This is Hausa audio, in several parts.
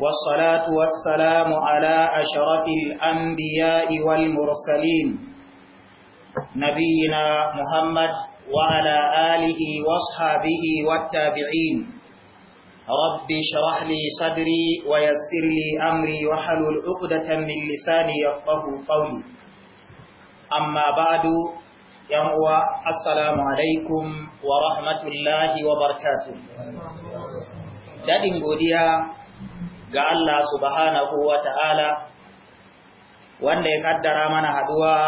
والصلاة والسلام على أشرف الأنبياء والمرسلين نبينا محمد وعلى آله واصحابه والتابعين رب شرح لي صدري ويسر لي أمري وحل العقدة من لساني يفقه قولي أما بعد يموى السلام عليكم ورحمة الله وبركاته دادين قوديا ga Allah subhanahu wa ta'ala wanda ya kaddara mana haduwa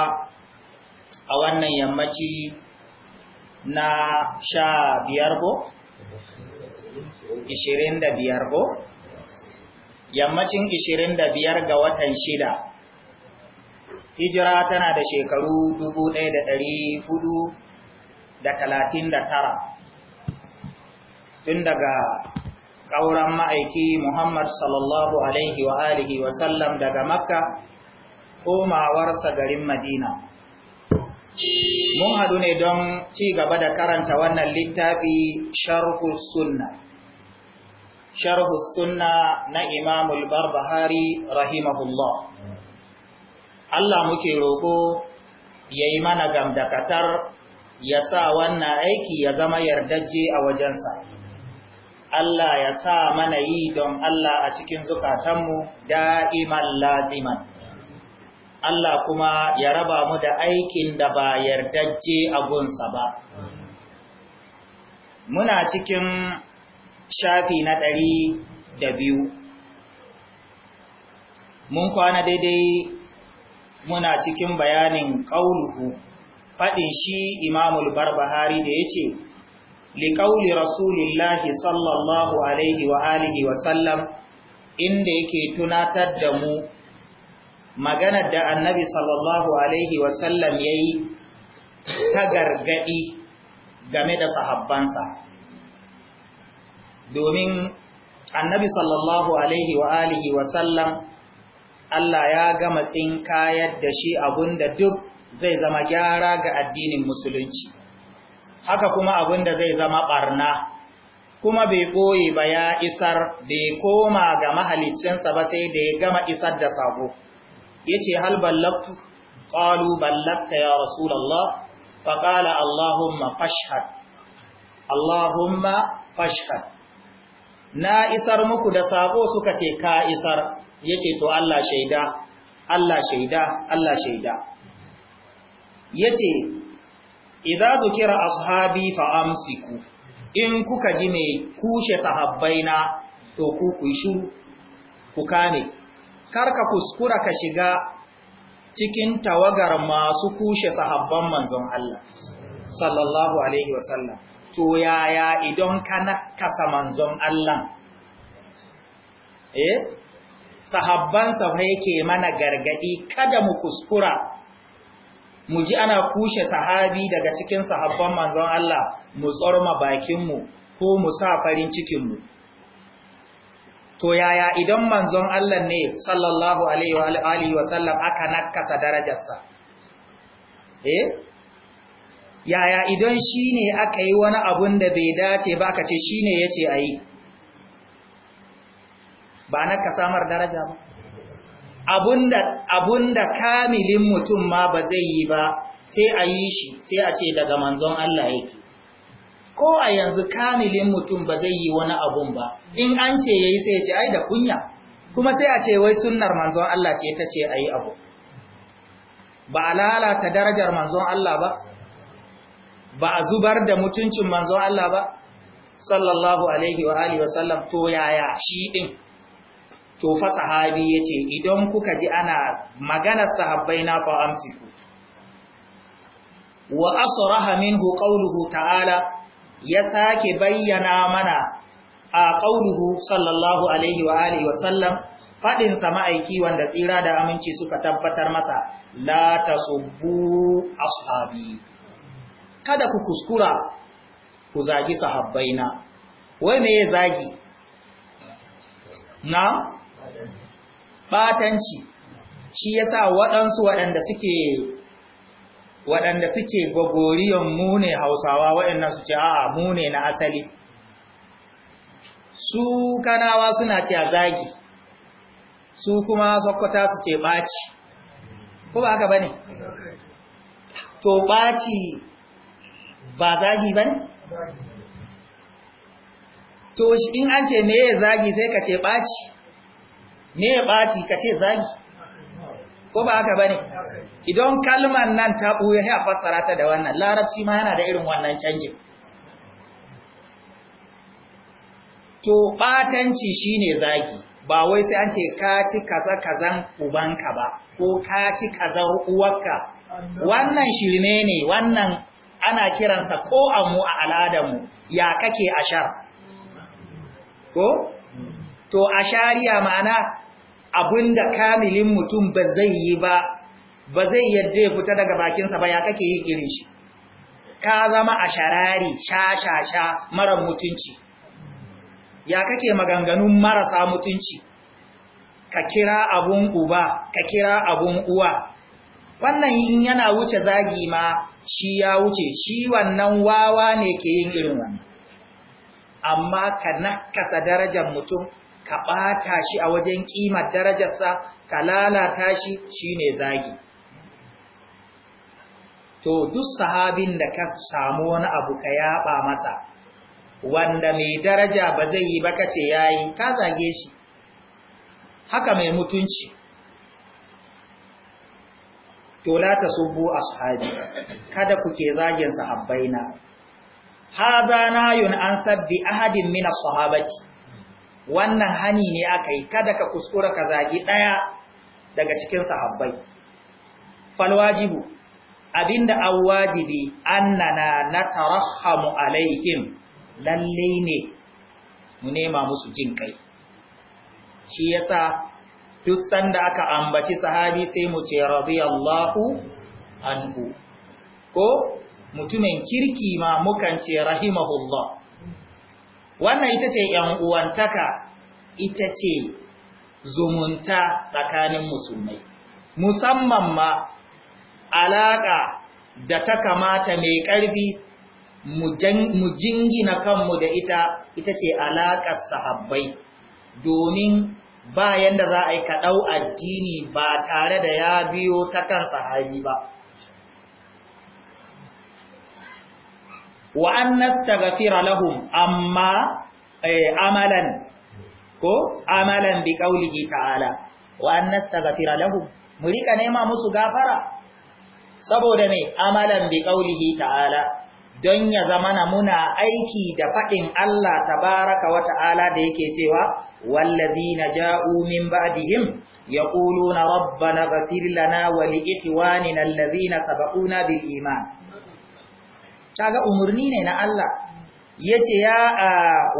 a wannan yammaci na sha biyar ko? Ishirin da biyar ko? Yammacin ishirin da biyar ga watan shida. Hijira tana da shekaru dubu ɗaya da ɗari hudu da talatin da tara. Tun daga ƙauran ma'aiki Muhammad sallallahu Alaihi wa alihi wasallam daga Makka komawarsa garin Madina. Mun haɗu ne don ci gaba da karanta wannan littafi sharhu sunna. Sharhus sunna na Imamul Barbahari rahimahullah. Allah muke roƙo ya yi mana gamdakatar ya sa wannan aiki ya zama yardajje a wajensa. Allah ya sa mana yi don Allah a cikin zukatanmu da'iman laziman. Allah kuma ya raba mu da aikin da ba yardajje a gunsa ba. Muna cikin shafi na ɗari da biyu. Mun kwana daidai muna cikin bayanin ƙauluhu faɗin shi Imamul Barbahari da ya ce, liƙauli rasulillahi sallallahu alaihi wa wa sallam inda yake tunatar da mu maganar da annabi sallallahu alaihi wa sallam ya yi ta gargaɗi game da sahabbansa domin annabi sallallahu alaihi wa sallam Allah ya gama tsinkayar da shi abunda duk zai zama gyara ga addinin musulunci haka kuma abin da zai zama barna kuma bai ɓoye ba ya isar bai koma ga mahaliccinsa ba sai da ya gama isar da sabo ya ce hal ballaktu ƙalu ballakta ya rasulallah faƙala allahumma fashhad allahumma fashhad na isar muku da sabo suka ce ka isar ya ce to Allah shaida Allah shaida Allah shaida ya ce Iza zukira ashabi fa amsiku in kuka ji mai kushe na, to ku ku shiru ku kame karka kuskura ka shiga cikin tawagar masu kushe sahabban manzon Allah sallallahu alaihi wasallam to yaya idan ka nakasa manzon Allah eh sahabban sa ke yake mana gargadi kada mu kuskura mu ji ana kushe sahabi daga cikin sahabban manzon Allah mu tsorma bakinmu ko mu sa farin cikinmu to yaya idan manzon Allah ne sallallahu alaihi wa alihi wa sallam aka nakasa darajarsa eh yaya idan shine aka yi wani abun da bai dace ba aka ce shine yace ayi ba nakasa mar daraja ba abunda abunda kamilin mutum ma ba zai yi ba sai a yi shi sai a ce daga manzon Allah yake ko a yanzu kamilin mutum ba zai yi wani abun ba in an ce yayi sai ya ce ai da kunya kuma sai a ce wai sunnar manzon Allah ce ta ce ayi abu ba a lalata darajar manzon Allah ba ba a zubar da mutuncin manzon Allah ba sallallahu alaihi wa alihi wa sallam to yaya shi din to fa sahabi yace idan kuka ji ana maganar sahabbai na fa amsiku wa asraha minhu qawluhu ta'ala ya sake bayyana mana a qawluhu sallallahu alaihi wa alihi wa sallam ma'aiki wanda tsira da aminci suka tabbatar masa la tasubbu ashabi kada ku kuskura ku zagi sahabbaina wai me zagi na batanci shi yasa waɗansu waɗanda suke waɗanda suke gwagoriyon mu ne hausawa waɗannan su ce a'a mu ne na asali su kanawa suna ce a zagi su kuma Sokota su ce ɓaci ko ba haka ba ne to ɓaci ba zagi ba ne to in an ce me zagi sai ka ce ɓaci me ya ɓaci ka ce zagi ko ba haka ba ne idan kalmar nan ta ɓuya ya fassara ta da wannan larabci ma yana da irin wannan canjin to ɓatanci shi ne zagi ba wai sai an ce ka ci kaza kazan ubanka ba ko ka ci kaza uwarka wannan shirme ne wannan ana kiransa ko mu a al'adarmu ya kake ashar ko to a shari'a ma'ana da kamilin mutum ba zai yi ba ba zai yadda ya fita daga bakinsa ba ya kake yin irin shi ka zama a sharari sha-sha-sha marar mutunci ya kake maganganun marasa mutunci ka kira abun uba ka kira abun uwa wannan in yana wuce zagi ma shi ya wuce shi wannan wawa ne ke yin irin wannan amma ka nakasa darajar mutum ka ɓata shi a wajen ƙimar darajarsa ka lalata shi shine zagi to duk sahabin da ka samu wani abu ka yaɓa masa wanda mai daraja ba zai yi ba kace yayi ka zage shi haka mai mutunci to la a ashabi kada kuke zagin sahabbaina na nayun an sabbi ahadin min sahabati wannan hani ne aka yi kada ka kuskura ka zagi ɗaya daga cikin sahabbai falwajibu abinda an wajibi annana na tarahamu alaihim lalle ne mu nema musu jin kai shi yasa duk sanda aka ambaci sahabi sai mu ce radiyallahu anhu ko mutumin kirki ma mukan ce rahimahullah wannan ita ce uwantaka ita ce zumunta tsakanin musulmai musamman ma alaƙa da ta kamata mai ƙarfi mu jingina kanmu da ita ita ce alaƙar sahabbai domin bayan da za a yi kaɗau addini ba tare da ya biyo ta kan sahabi ba wa an nastaghfira lahum amma amalan ko amalan bi qaulihi ta'ala wa an lahum mu nema musu gafara saboda me amalan bi qaulihi ta'ala don ya zamana muna aiki da fadin Allah tabaraka wa ta'ala da yake cewa wallazina ja'u min ba'dihim yaquluna rabbana ghfir lana wa li ikhwanina allazina sabaquna bil iman kaga umarni ne na Allah yace ya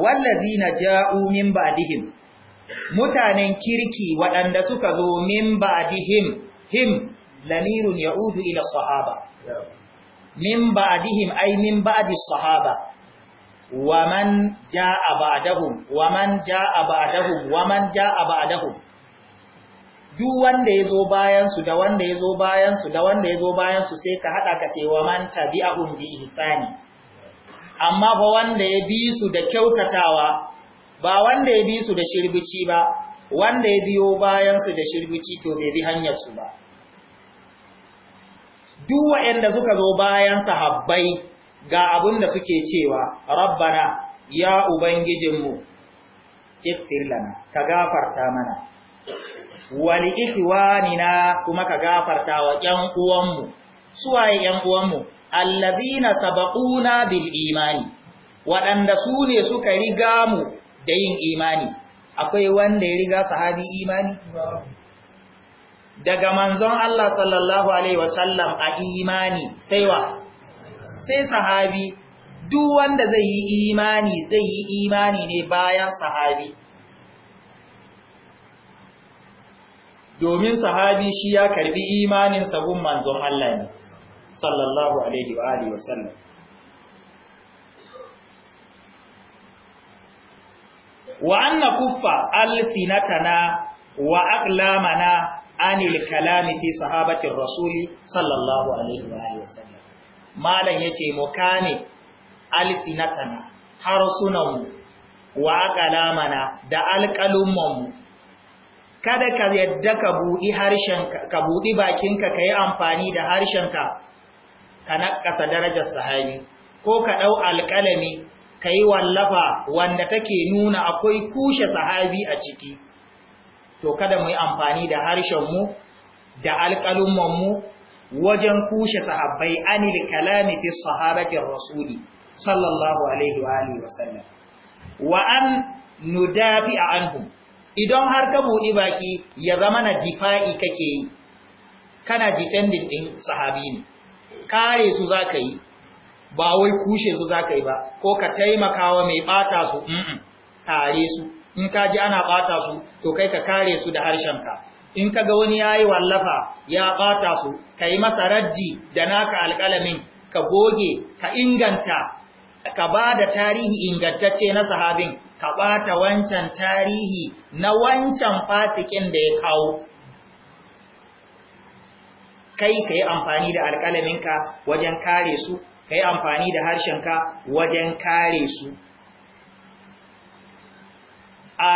wallazina ja'u min ba'dihim mutanen kirki waɗanda suka zo min ba'dihim him lamirun ya'udu ila sahaba min ba'dihim ay min ba'di sahaba waman ja'a ba'dahum waman ja'a ba'dahum ja'a ba'dahum duk wanda ya zo bayansu da wanda ya zo bayansu da wanda ya zo bayansu sai ka haɗa ka cewa wa man tabi'ahum bi ihsani amma ba wanda ya bi su da kyautatawa ba wanda ya bi su da shirbici ba wanda ya biyo bayansu da shirbici to bai bi hanyar su ba duk waɗanda suka zo bayan sahabbai ga abin da suke cewa rabbana ya ubangijinmu ikfir lana ka gafarta mana wali ikhwanina kuma ka gafarta wa ƴan uwanmu suwaye ƴan uwanmu allazina sabaquna bil imani waɗanda su ne suka riga mu da yin imani akwai wanda ya riga sahabi imani daga manzon Allah sallallahu alaihi wasallam a imani sai wa sai sahabi duk wanda zai yi imani zai yi imani ne bayan sahabi domin sahabi shi ya karbi imanin sabon manzon Allah ne sallallahu alaihi wa alihi wasallam wa anna kuffa alsinatana wa aqlamana anil kalami fi sahabatir rasuli sallallahu alaihi wa alihi wasallam malam yace mu kame alsinatana harsunanmu wa aqlamana da alqalummanmu kada ka yadda ka buɗi harshenka ka buɗi bakinka ka yi amfani da harshen ka naƙasa darajar sahabi ko ka ɗau alƙalami ka yi wallafa wanda take nuna akwai kushe sahabi a ciki to kada mu yi amfani da harshen mu da mu wajen kushe sahabbai anil kalami fi sahabatin rasuli sallallahu alaihi wa alihi wa sallam wa an nudafi anhum idan har ka buɗi baki ya zama na difa'i kake yi kana defending ɗin sahabi ne kare su za ka yi ba wai kushe su za ka yi ba ko ka taimakawa wa mai ɓata su kare su in ka ji ana ɓata su to kai ka kare su da harshen ka. in ka ga wani ya yi wallafa ya ɓata su ka yi masa raddi da naka alƙalamin ka goge ka inganta ka ba da tarihi ingantacce na sahabin ka ɓata wancan tarihi na wancan fasikin da ya kawo kai ka yi amfani da alƙalaminka wajen kare su ka yi amfani da harshenka wajen kare su a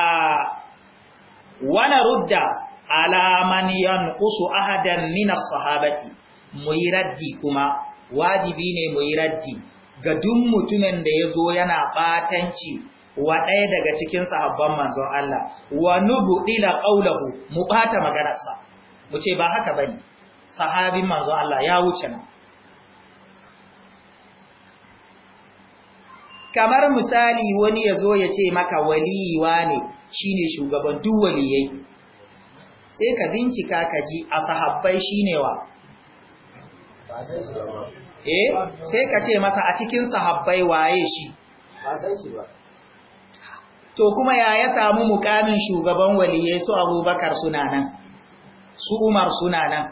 wana rudda alaman yanqusu ahadan min as-sahabati muyi raddi kuma wajibi ne muyi raddi ga duk mutumin da ya zo yana ɓatanci. wa ɗaya daga cikin sahabban manzon Allah wa ila qaulahu mu bata maganarsa mu ce ba haka bane sahabin manzon Allah ya wuce na kamar misali wani ya zo ya ce maka waliyuwa ne shine shugaban duk waliyai sai ka bincika ka ji a sahabbai shine wa eh sai ka ce masa a cikin sahabbai waye shi ba san shi ba to kuma ya ya samu mukamin shugaban waliye su abubakar suna nan su umar suna nan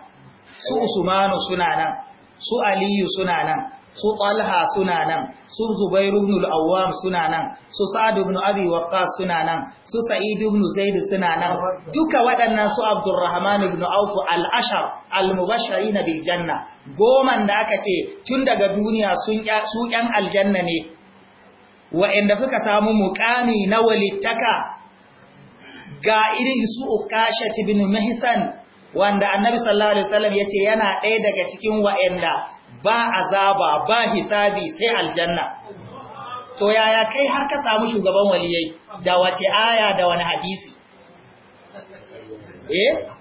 su usmanu suna nan su aliyu suna nan su talha suna nan su zubairu ibn al-awwam suna nan su sa'd ibn abi waqqas suna nan su sa'id ibn zaid suna nan duka waɗannan su abdurrahman ibn auf al-ashar al-mubashirin bil janna goman da aka ce tun daga duniya sun su ƴan aljanna ne wa'inda suka samu mukami na walittaka ga irin su ukashat ibn mahsan wanda annabi sallallahu alaihi wasallam yace yana ɗaya daga cikin wa'inda ba azaba ba hisabi sai aljanna to yaya kai har ka samu shugaban waliyai da wace aya da wani hadisi eh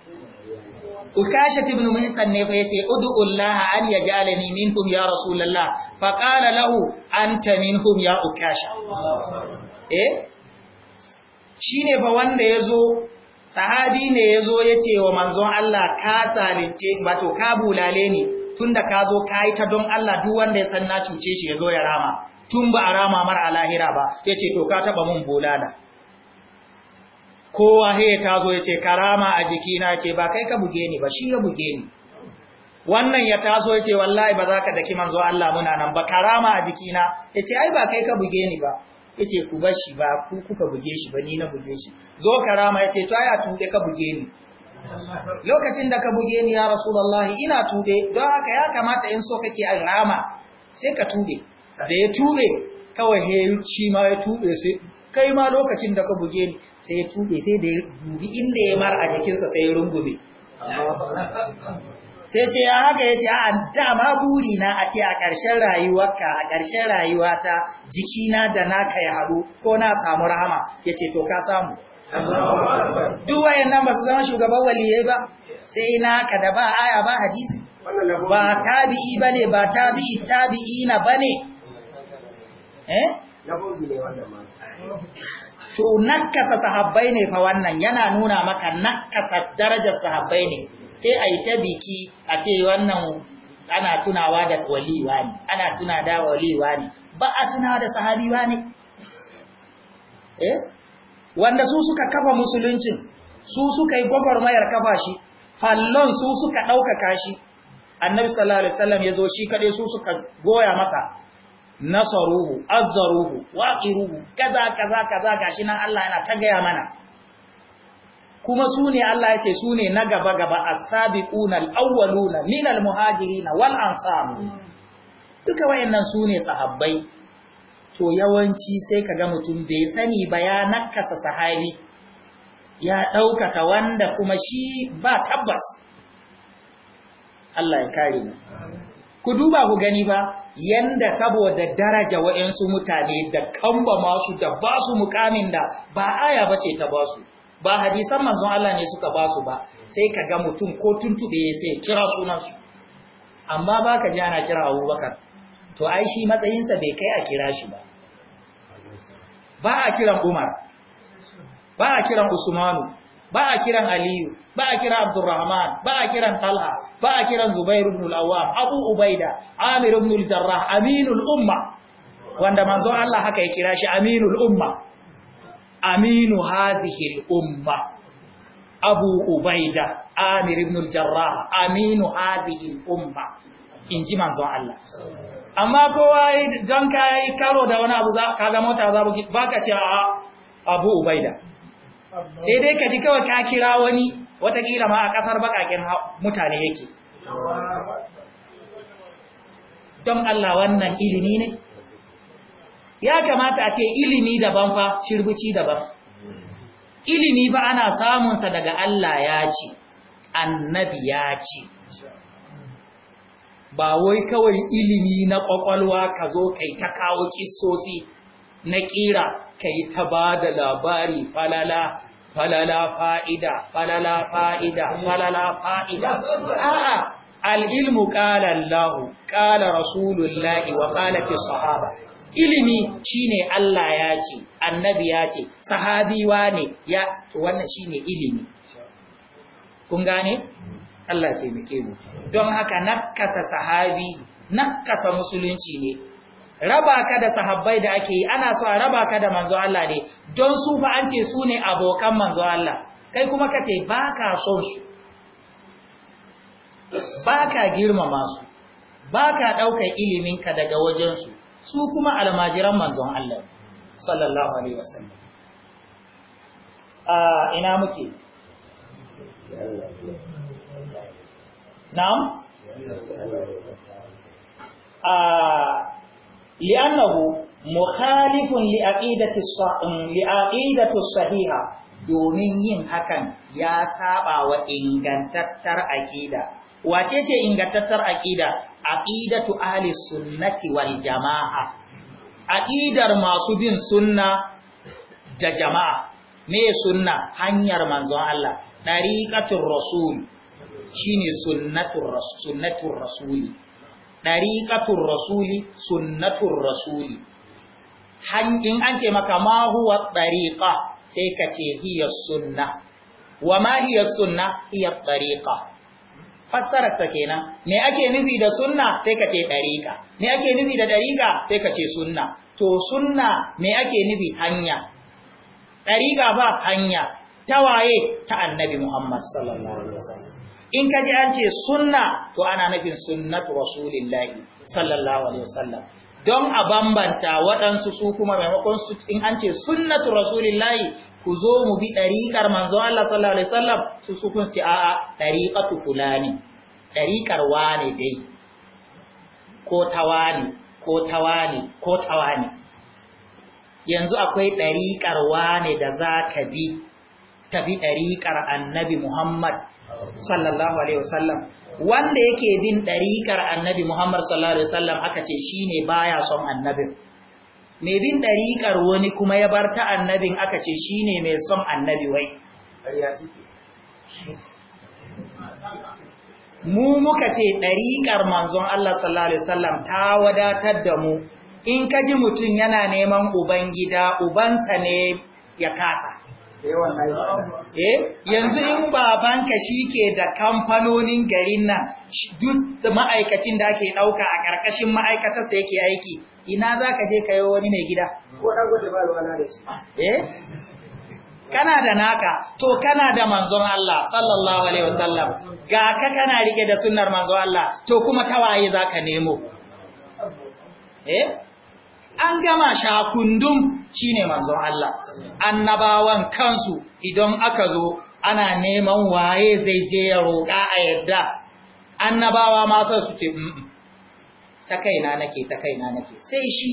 ukashat ibn muhsan ne fa yace ud'ullah an yaj'alani minhum ya rasulullah fa qala lahu anta minhum ya ukasha eh shine fa wanda yazo sahabi ne yazo yace wa manzon Allah ka tsalince bato ka bulale ni tunda ka zo kai ta don Allah duk wanda ya san na cuce shi yazo ya rama tun ba a rama mar a lahira ba yace to ka taba mun bulala kowa he ta zo ya ce karama a jikina ce ba kai ka buge ni ba shi ya buge ni wannan ya taso ya ce wallahi ba za ka daki manzo Allah muna nan ba karama a jikina ya ce ai ba kai ka buge ni ba ya ce ku bar shi ba ku kuka buge shi ba ni na buge shi zo karama ya ce to ai a tuɗe ka buge ni lokacin da ka buge ni ya rasulullahi ina tuɗe don haka ya kamata in so kake a rama sai ka tuɗe da ya tuɗe kawai he shi ma ya tuɗe sai kai ma lokacin da ka buge ni sai ya tube sai da ya inda ya mara a jikinsa sai ya rungume sai ce ya haka ya ce a dama buri na a ce a ƙarshen rayuwarka a ƙarshen rayuwata jikina da ka ya haɗu ko na samu rahama ya ce to ka samu duk wayan nan ba su zama shugaban waliye ba sai na naka da ba aya ba hadisi ba tabi'i ba ne ba tabi'i tabi'i na ba ne eh to nakasa sahabbai ne fa wannan yana nuna maka nakasa darajar sahabbai ne sai ai ta biki a ce wannan ana tunawa da waliwa ne ana tuna da waliwa ne ba a tunawa da sahabiwa ne eh wanda su suka kafa musuluncin su suka yi gwagwarmayar kafa shi fallon su suka ɗaukaka shi annabi sallallahu alaihi wasallam ya zo shi kaɗai su suka goya masa nasaruhu azzaruhu waqiruhu kaza kaza kaza gashi nan Allah yana ta gaya mana kuma sune Allah yace sune na gaba gaba as-sabiquna al-awwaluna min al-muhajirin wal ansar duka wayannan sune sahabbai to yawanci sai kaga mutum bai sani ba ya nakasa sahabi ya ɗaukaka wanda kuma shi ba tabbas Allah ya kare mu ku duba ku gani ba yanda saboda daraja wa'yansu mutane da kamba masu da ba su mukamin da ba aya ba ce ta ba su ba hadisan manzon Allah ne suka ba su ba sai ka ga mutum ko tuntube ya sai kira sunansu amma ba ka ji ana kira abubakar to ai shi matsayinsa bai kai a kira shi ba ba a kiran umar ba a kiran usmanu ba a kiran aliyu ba a kiran abdurrahman ba a kiran talha ba a kiran zubair ibn al-awwam abu ubaida amir ibn al-jarrah aminul umma wanda manzo Allah haka ya kira shi aminul umma aminu hadhihi al-umma abu ubaida amir ibn al-jarrah aminu hadhihi al-umma inji manzo Allah amma kowa don ka karo da wani abu ka ga mota za ba ka ce a abu ubaida sai dai ka ji kawai ka kira wani watakila ma a ƙasar baƙaƙen mutane yake don Allah wannan ilimi ne ya kamata a ce ilimi daban fa shirbici daban ilimi ba ana samunsa daga Allah ya ce annabi ya ce ba wai kawai ilimi na ƙwaƙwalwa ka zo kai ta kawo kisosi na ƙira ka yi ta ba da labari falala falala fa'ida falala fa'ida falala fa'ida a'a al'ilmu ƙala Allah ƙala rasulullahi wa ƙala fi sahaba ilimi shine Allah ya ce annabi ya ce sahabiwa ne ya wannan shine ilimi kun gane Allah taimake mu don haka nakasa sahabi nakasa musulunci ne raba ka da sahabbai da ake yi ana so a raba ka da manzo Allah ne don su fa an ce su ne abokan manzo Allah kai kuma ka ce ba ka son su ba ka girmama su ba ka ɗaukar iliminka daga wajensu su kuma almajiran manzon Allah sallallahu alaihi wasallam a ah, ina muke na'am ah, li'annahu mukhalifun li'a'idatu sahiha domin yin hakan ya saba wa ingantattar aqida wace ce ingantattar aqida aqidatu ahli sunnati wal jama'a aqidar masu bin sunna da jama'a me sunna hanyar manzon Allah dariqatul rasul shine sunnatin rasul rasuli ɗariƙatun rasuli sunnatun rasuli in an ce maka ma huwa ɗariƙa sai ka ce hiyar sunna wa ma hiyar sunna hiyar ɗariƙa fassararsa kenan me ake nufi da sunna sai ka ce ɗariƙa me ake nufi da ɗariƙa sai ka ce sunna to sunna me ake nufi hanya ɗariƙa ba hanya Ta waye ta annabi muhammad sallallahu alaihi wasallam in ka ji an ce sunna to ana nufin sunnatu rasulillahi sallallahu alaihi wasallam don a bambanta waɗansu su kuma maimakon su in an ce sunnatu rasulillahi ku zo mu bi ɗariƙar manzo Allah sallallahu alaihi wasallam su su kun ce a'a ɗariƙatu fulani ɗariƙar wani dai ko tawani ko tawani ko tawani yanzu akwai ɗariƙar wani da za ka bi tafi ɗariƙar annabi Muhammad sallallahu Alaihi wasallam wanda yake bin ɗariƙar annabi Muhammad sallallahu Alaihi wasallam aka ce shi ne baya son annabin. Mai bin ɗariƙar wani kuma ya bar ta annabin aka ce shi ne mai son annabi wai. Mu muka ce ɗariƙar manzon Allah sallallahu Alaihi wasallam ta wadatar da mu in kaji mutum yana neman Ubangida, Ubansa ne ya kasa. Eh, eh, yanzu in babanka shi ke da kamfanonin garin nan, duk ma'aikacin da ake ɗauka a ƙarƙashin ma'aikatarsa yake aiki, ina za ka je kayo wani mai gida? Eh? Kana da naka, to kana da manzon Allah, sallallahu Alaihi wasallam, ga ka kana rike da sunnar manzon Allah, to kuma tawaye za ka nemo. Eh? an gama shi ne manzon Allah annabawan kansu idan aka zo ana neman waye zai je ya roƙa a yadda annabawa ma su ce ta kaina nake ta kaina nake sai shi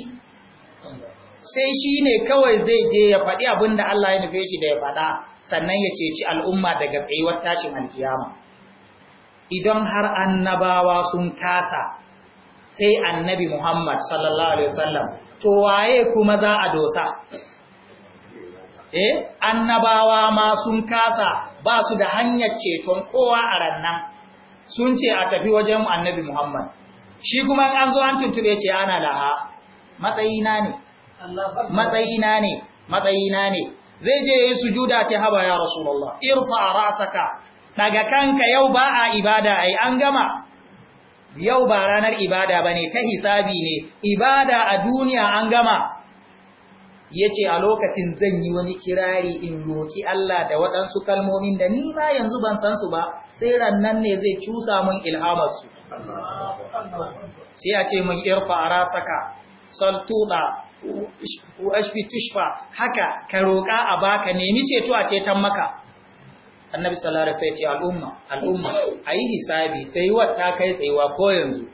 sai shi ne kawai zai je ya faɗi abin da Allah ya nufe shi da ya faɗa sannan ya ceci al'umma daga tsayuwar tashin alkiyama idan har annabawa sun kasa sai annabi Muhammad sallallahu Alaihi wasallam to waye kuma za a dosa eh annabawa ma sun kasa ba su da hanyar ceton kowa a rannan sun ce a tafi wajen annabi Muhammad shi kuma an zo an tuntube ce ana laha matsayina ne matsayina ne matsayina ne zai je yi sujuda ce haba ya rasulullah irfa rasaka daga kanka yau ba a ibada ai an gama yau ba ranar ibada ba ne ta hisabi ne ibada a duniya an gama ya ce a lokacin zan yi wani kirari in roki Allah da waɗansu kalmomin da ni ma yanzu ban san su ba sai rannan ne zai cusa mun ilhamarsu sai a ce mun irfa a rasaka saltuɗa ashfi tushfa haka ka roƙa a baka nemi ceto a ceton maka annabi sallallahu alaihi wasallam ya ce al'umma al'umma ayi hisabi tsayuwar ta kai tsayuwa ko yanzu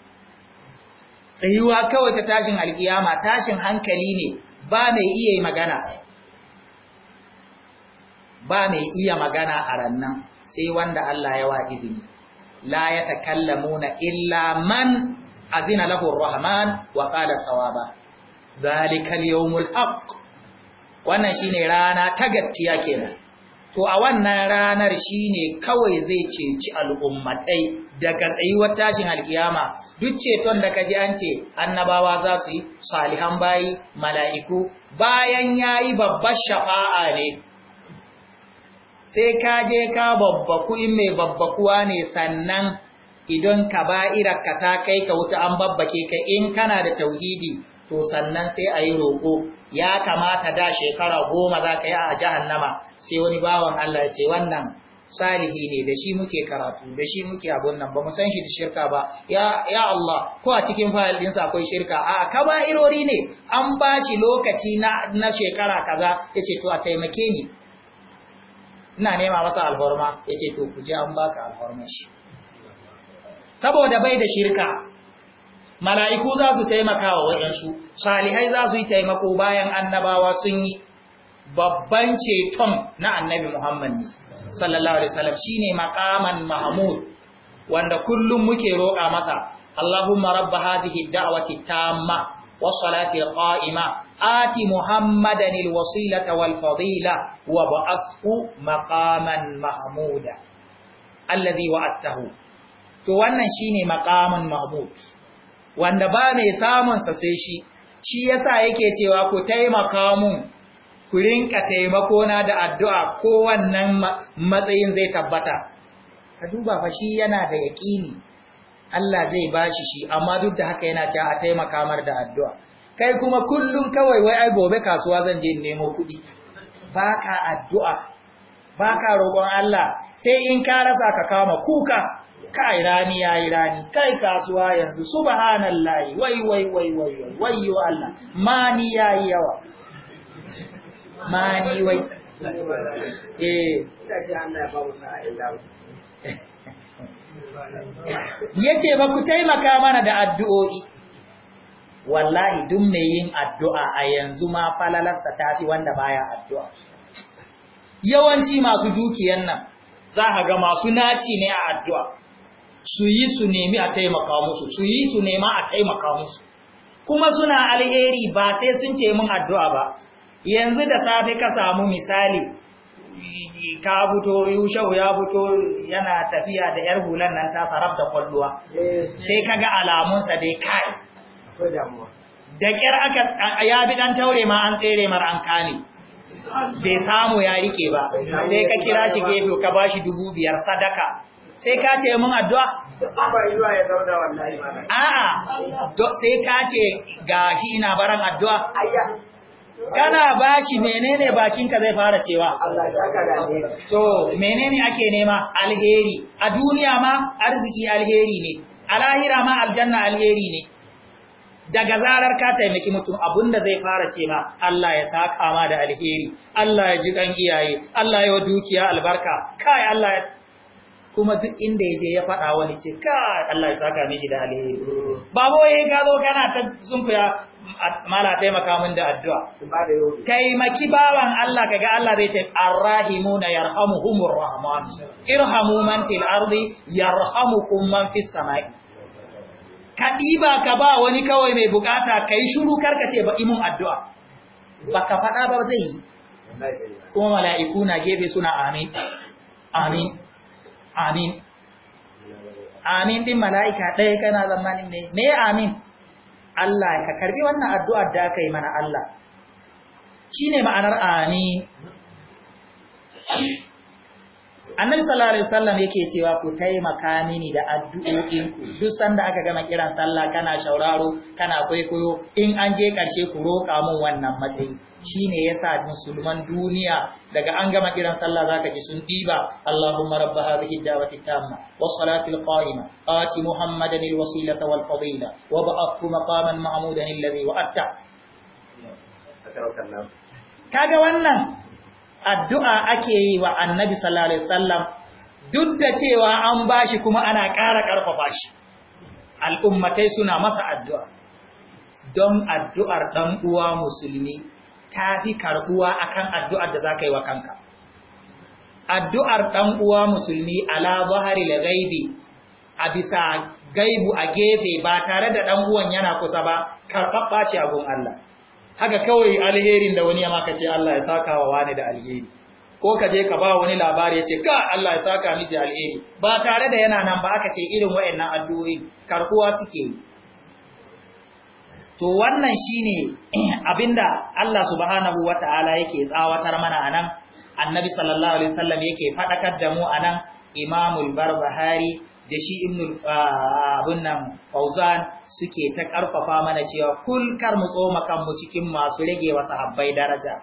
tsayuwa kawai ta tashin alkiyama tashin hankali ne ba mai iya magana ba mai iya magana a rannan sai wanda Allah ya wa izini la ya takallamuna illa man azina lahu ar-rahman wa qala sawaba zalikal yawmul haqq wannan shine rana ta gaskiya kenan to a wannan ranar shi ne kawai zai ceci al'ummatai daga tsayuwar tashin alkiyama duk ceton da kaji an ce annabawa za su yi salihan bayi mala'iku bayan ya yi babbar shafa'a ne sai ka je ka babbaku in mai babbakuwa ne sannan idan ka ba'irar ka ta kai ka wuta an babbake ka in kana da tauhidi to sannan sai a yi roƙo ya kamata da shekara goma za ka yi a jahannama sai wani bawan Allah ya ce wannan salihi ne da shi muke karatu da shi muke abun nan ba mu san shi da shirka ba ya Allah ko a cikin fayil ɗinsa akwai shirka a irori ne an ba shi lokaci na shekara kaza yace to a taimake ni ina nema maka alhorma yace to ku je an baka alhorma shi saboda bai da shirka mala'iku za su taimaka wa waɗansu salihai za su yi taimako bayan annabawa sun yi babban ceton na annabi muhammad ne sallallahu alaihi wasallam shine maƙaman mahmud wanda kullum muke roƙa maka allahumma rabb hadhihi ad-da'wati tamma ati القائمة آت محمدا الوصيلة والفضيلة وبعثه مقاما محمودا الذي وعدته to wannan shine maqaman mahmud wanda ba mai samun sa sai shi shi yasa yake cewa ku taimaka mun ku rinka taimako na da addu'a ko wannan matsayin zai tabbata ka duba fa shi yana da yaƙini Allah zai bashi shi amma duk da haka yana cewa a taimaka mar da addu'a kai kuma kullum kawai wai ai gobe kasuwa zan je nemo kuɗi baka addu'a baka roƙon Allah sai in ka rasa ka kama kuka kai rani yayi rani kai kasuwa yanzu subhanallahi wai wai wai wai wai yo Allah mani yayi yawa mani wai eh yace ba ku taimaka mana da addu'o'i wallahi duk mai yin addu'a a yanzu ma falalarsa fi wanda baya addu'a yawanci masu dukiyan nan za ka ga masu naci ne a addu'a su yi su nemi a taimaka musu su yi su nema a taimaka musu kuma suna alheri ba sai sun ce mun addu'a ba yanzu da safe ka samu misali ka buto yushau ya buto yana tafiya da yar hulan nan ta sarab da kwalluwa sai kaga alamunsa dai kai da kyar aka ya bi dan taure ma an tsere mar an kane bai samu ya rike ba sai ka kira shi gefe ka bashi dubu biyar sadaka sai ka ce mun addu'a a'a sai ka ce gashi ina baran addu'a kana bashi menene bakinka zai fara cewa to menene ake nema alheri a duniya ma arziki alheri ne a lahira ma aljanna alheri ne daga zarar ka taimaki mutum abinda zai fara ce ma Allah ya saka ma da alheri Allah ya ji kan iyaye Allah ya wa dukiya albarka kai Allah ya kuma duk inda ya je ya faɗa wani ce ka Allah ya saka miki da alheri babo yayi kana ta sunkuya mala taimaka mun da addu'a taimaki bawan Allah kaga Allah zai ta arrahimuna yarhamuhumur rahman irhamu man fil ardi yarhamukum man fis samai ka diba ka ba wani kawai mai bukata kai shiru ce ba imun addu'a baka faɗa ba zai yi kuma mala'iku na gefe suna amin amin amin amin din mala'ika ɗaya kana zamanin mai me amin Allah ka karbi wannan addu'ar da aka yi mana Allah shine ma'anar amin annabi sallallahu alaihi wasallam yake cewa ku taimaka mini da addu'o'in ku duk sanda aka gama kiran sallah kana shauraro kana kwaikwayo in an je karshe ku roƙa mun wannan matsayi shine yasa musulman duniya daga an gama kiran sallah zaka ji sun diba Allahumma rabb hadhihi ad-da'wati tamma wa salati al-qa'ima ati muhammadan al-wasilata wal-fadila wa ba'athu maqaman mahmudan alladhi wa'atta kaga wannan addu'a ake yi wa annabi salari Sallam duk da cewa an ba shi kuma ana ƙara ƙarfafa shi al'ummatai suna masa addu'a don addu'ar ɗan uwa musulmi ta fi karɓuwa a kan addu'ar da za ka yi wa kanka addu'ar ɗan uwa musulmi ala zahari da gaibi a bisa gaibu a gefe ba tare da ɗan uwan yana kusa ba karɓaɓɓa ce abun Allah haka kawai alherin da wani ya maka ce Allah ya saka wa wani da alheri ko ka je ka ba wani labari ya ce ka Allah ya saka miki alheri ba tare da yana nan ba aka ce irin wayannan addu'o'i karkuwa suke to wannan shine abinda Allah subhanahu wata'ala yake tsawatar mana anan annabi sallallahu alaihi wasallam yake fadakar da mu anan imamul barbahari da shi ibnul ah, abun nan fauzan suke ta karfafa mana cewa kul kar mu tsoma kanmu cikin masu rage wa sahabbai daraja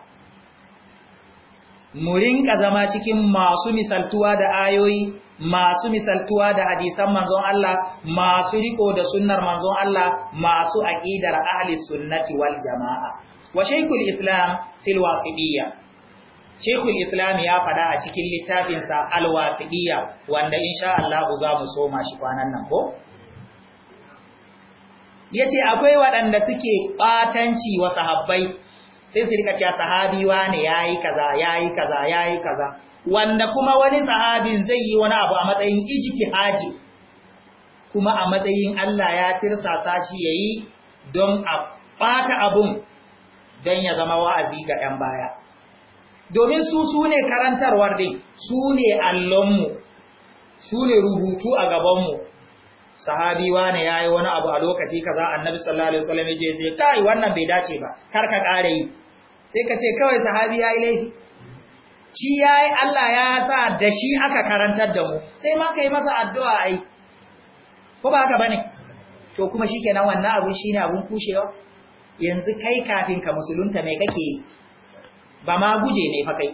mu rinka zama cikin masu misaltuwa da ayoyi masu misaltuwa da hadisan manzon Allah masu riko da sunnar manzon Allah masu aqidar ahli sunnati wal jamaa wa shaykhul islam fil wasitiyya Shekul Islam ya faɗa a cikin littafinsa alwafiɗiya wanda insha Allah za mu soma shi kwanan nan ko? Ya ce akwai waɗanda suke ɓatanci wa sahabbai sai su rika cewa sahabi wane ya yi kaza ya yi kaza ya yi kaza wanda kuma wani sahabin zai yi wani abu a matsayin ijtihadi kuma a matsayin Allah ya tirsasa shi ya yi don a ɓata abun don ya zama wa'azi ga ‘yan baya. domin su su ne karantarwar din su ne allonmu su ne rubutu a gabanmu sahabi wane ya yi wani abu a lokaci kaza annabi sallallahu alaihi wasallam ya ce kai wannan bai dace ba kar ka ƙara yi sai ka ce kawai sahabi ya yi laifi shi ya yi Allah ya sa da shi aka karantar da mu sai ma ka yi masa addu'a ai ko ba haka bane to kuma shikenan wannan abun shine abun kushewa yanzu kai kafin ka musulunta mai kake yi ba ma guje ne fa kai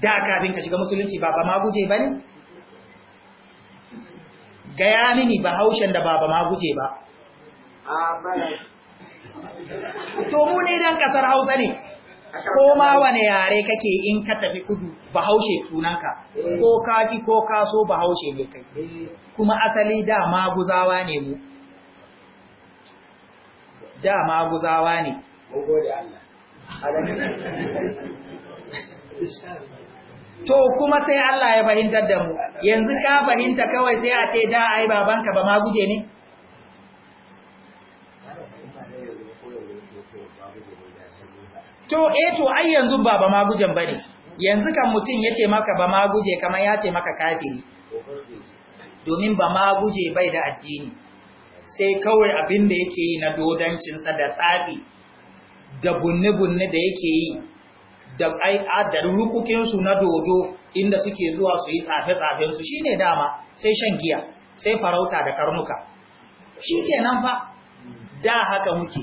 da kafin ka shiga musulunci ba ba ma guje ba ne gaya mini ba haushen da ba ba ma guje ba to mu ne dan kasar hausa ne ko ma wane yare kake in ka tafi kudu ba haushe sunanka ko kaki ko kaso ba haushe ne kai eh. kuma asali da maguzawa ne mu da maguzawa ne Allah to kuma sai Allah ya fahimtar da mu yanzu ka fahimta kawai sai a ce da yi babanka ba ma guje ne to eh to ai yanzu ba ba ma gujen bane yanzu kan mutum ya ce maka ba ma guje kamar yace maka kafiri domin ba ma guje bai da addini sai kawai abin da yake yi na dodancinsa da tsafi da bunne-bunne da yake yi da rukukinsu na dodo inda suke zuwa su yi tsafe-tsafensu shi ne dama sai shan giya sai farauta da karnuka shi ke nan fa da haka muke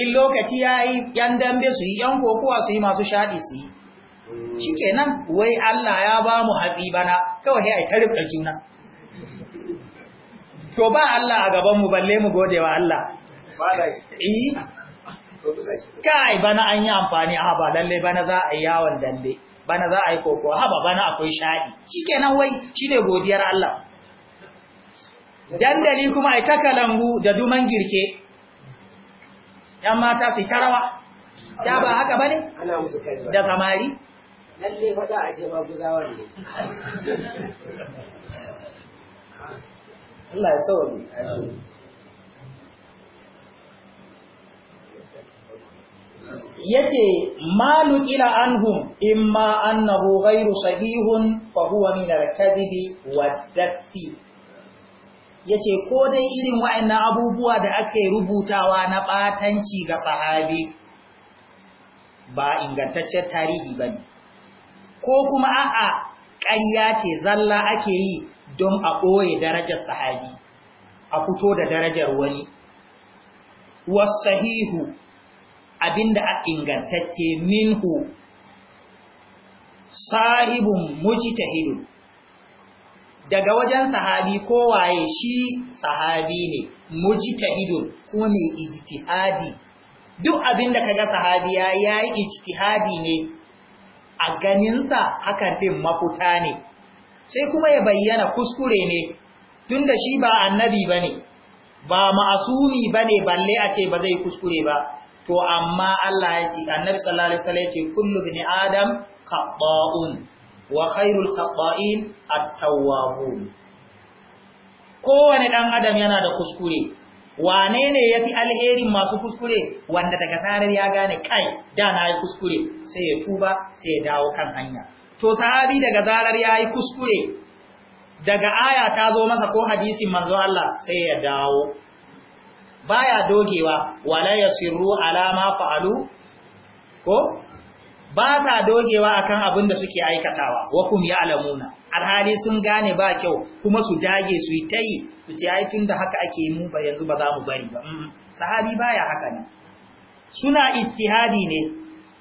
in lokaci ya yi yan dambe su yi yan kokowa su yi masu shaɗi su yi shi ke nan, wai Allah ya ba mu hatsi bana kawai ya yi tarif da juna to ba Allah a gabanmu balle mu gode wa Allah kai bana an yi amfani a Haba, lalle bana za a yi yawon dambe bana za a yi koko haba bana akwai shaɗi nan wai shi ne godiyar Allah dandali kuma a yi takalangu da duman girke yan mata su tarawa da ba haka bane da samari lalle fada a ce ba guzawa ne Allah ya sauri yace malu ila anhum imma annahu ghairu sahihun fa huwa min al-kadhibi wad-dafi yace ko dai irin wa'annan abubuwa da ake rubutawa na batanci ga sahabi ba ingantaccen tarihi bane ko kuma a'a ƙarya ce zalla ake yi don a ɓoye darajar sahabi a fito da darajar wani sahihu. abinda a ingantacce minhu sahibun mujtahidun daga wajen sahabi kowaye shi sahabi ne mujtahidun kuma mai ijtihadi duk abinda kaga sahabi ya yi ijtihadi ne a ganinsa hakan din mafuta ne sai kuma ya bayyana kuskure ne tunda shi ba annabi bane ba ma'asumi bane balle a ce ba zai kuskure ba to amma Allah ya ce annabi sallallahu alaihi wasallam ya ce kullu bini adam khata'un wa khairul khata'in at-tawwabun kowane dan adam yana da kuskure wane ne yafi alherin masu kuskure wanda daga tarar ya gane kai da na yi kuskure sai ya tuba sai ya dawo kan hanya to sahabi daga zarar ya yi kuskure daga aya ta zo masa ko hadisin manzo Allah sai ya dawo baya dogewa wala yasirru ala ma fa'alu ko ba sa dogewa akan abin da suke aikatawa wa kum ya'lamuna alhali sun gane ba kyau kuma su dage su yi tayi su ce ai tunda haka ake mu ba yanzu ba za mu bari ba mm-hmm. sahabi baya haka ne suna ittihadi ne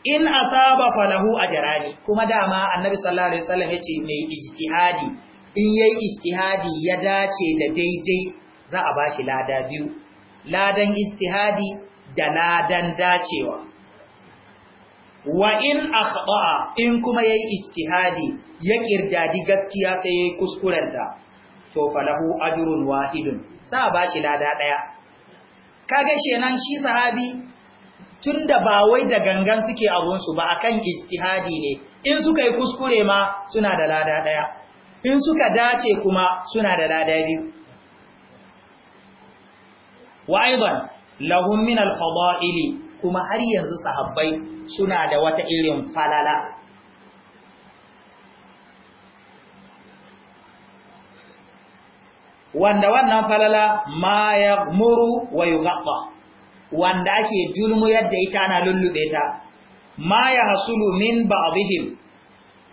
in asaba falahu ajrani kuma dama annabi sallallahu alaihi wasallam yace mai ijtihadi in yayi ijtihadi ya dace da daidai za a bashi lada biyu ladan istihadi da ladan dacewa wa in akhta'a in kuma yayi ijtihadi ya kirdadi gaskiya sai yayi kuskuren ta to falahu ajrun wahidun sa ba shi lada daya kaga nan shi sahabi tunda ba wai da gangan suke abunsu ba akan ijtihadi ne in suka yi kuskure ma suna da lada daya in suka dace kuma suna da lada biyu wa aidan lahum min al-fada'ili kuma har yanzu sahabbai suna da wata irin falala wanda wannan falala ma ya muru wa yughaffa wanda ake julmu yadda ita na lullube ta ma ya hasulu min ba'dihim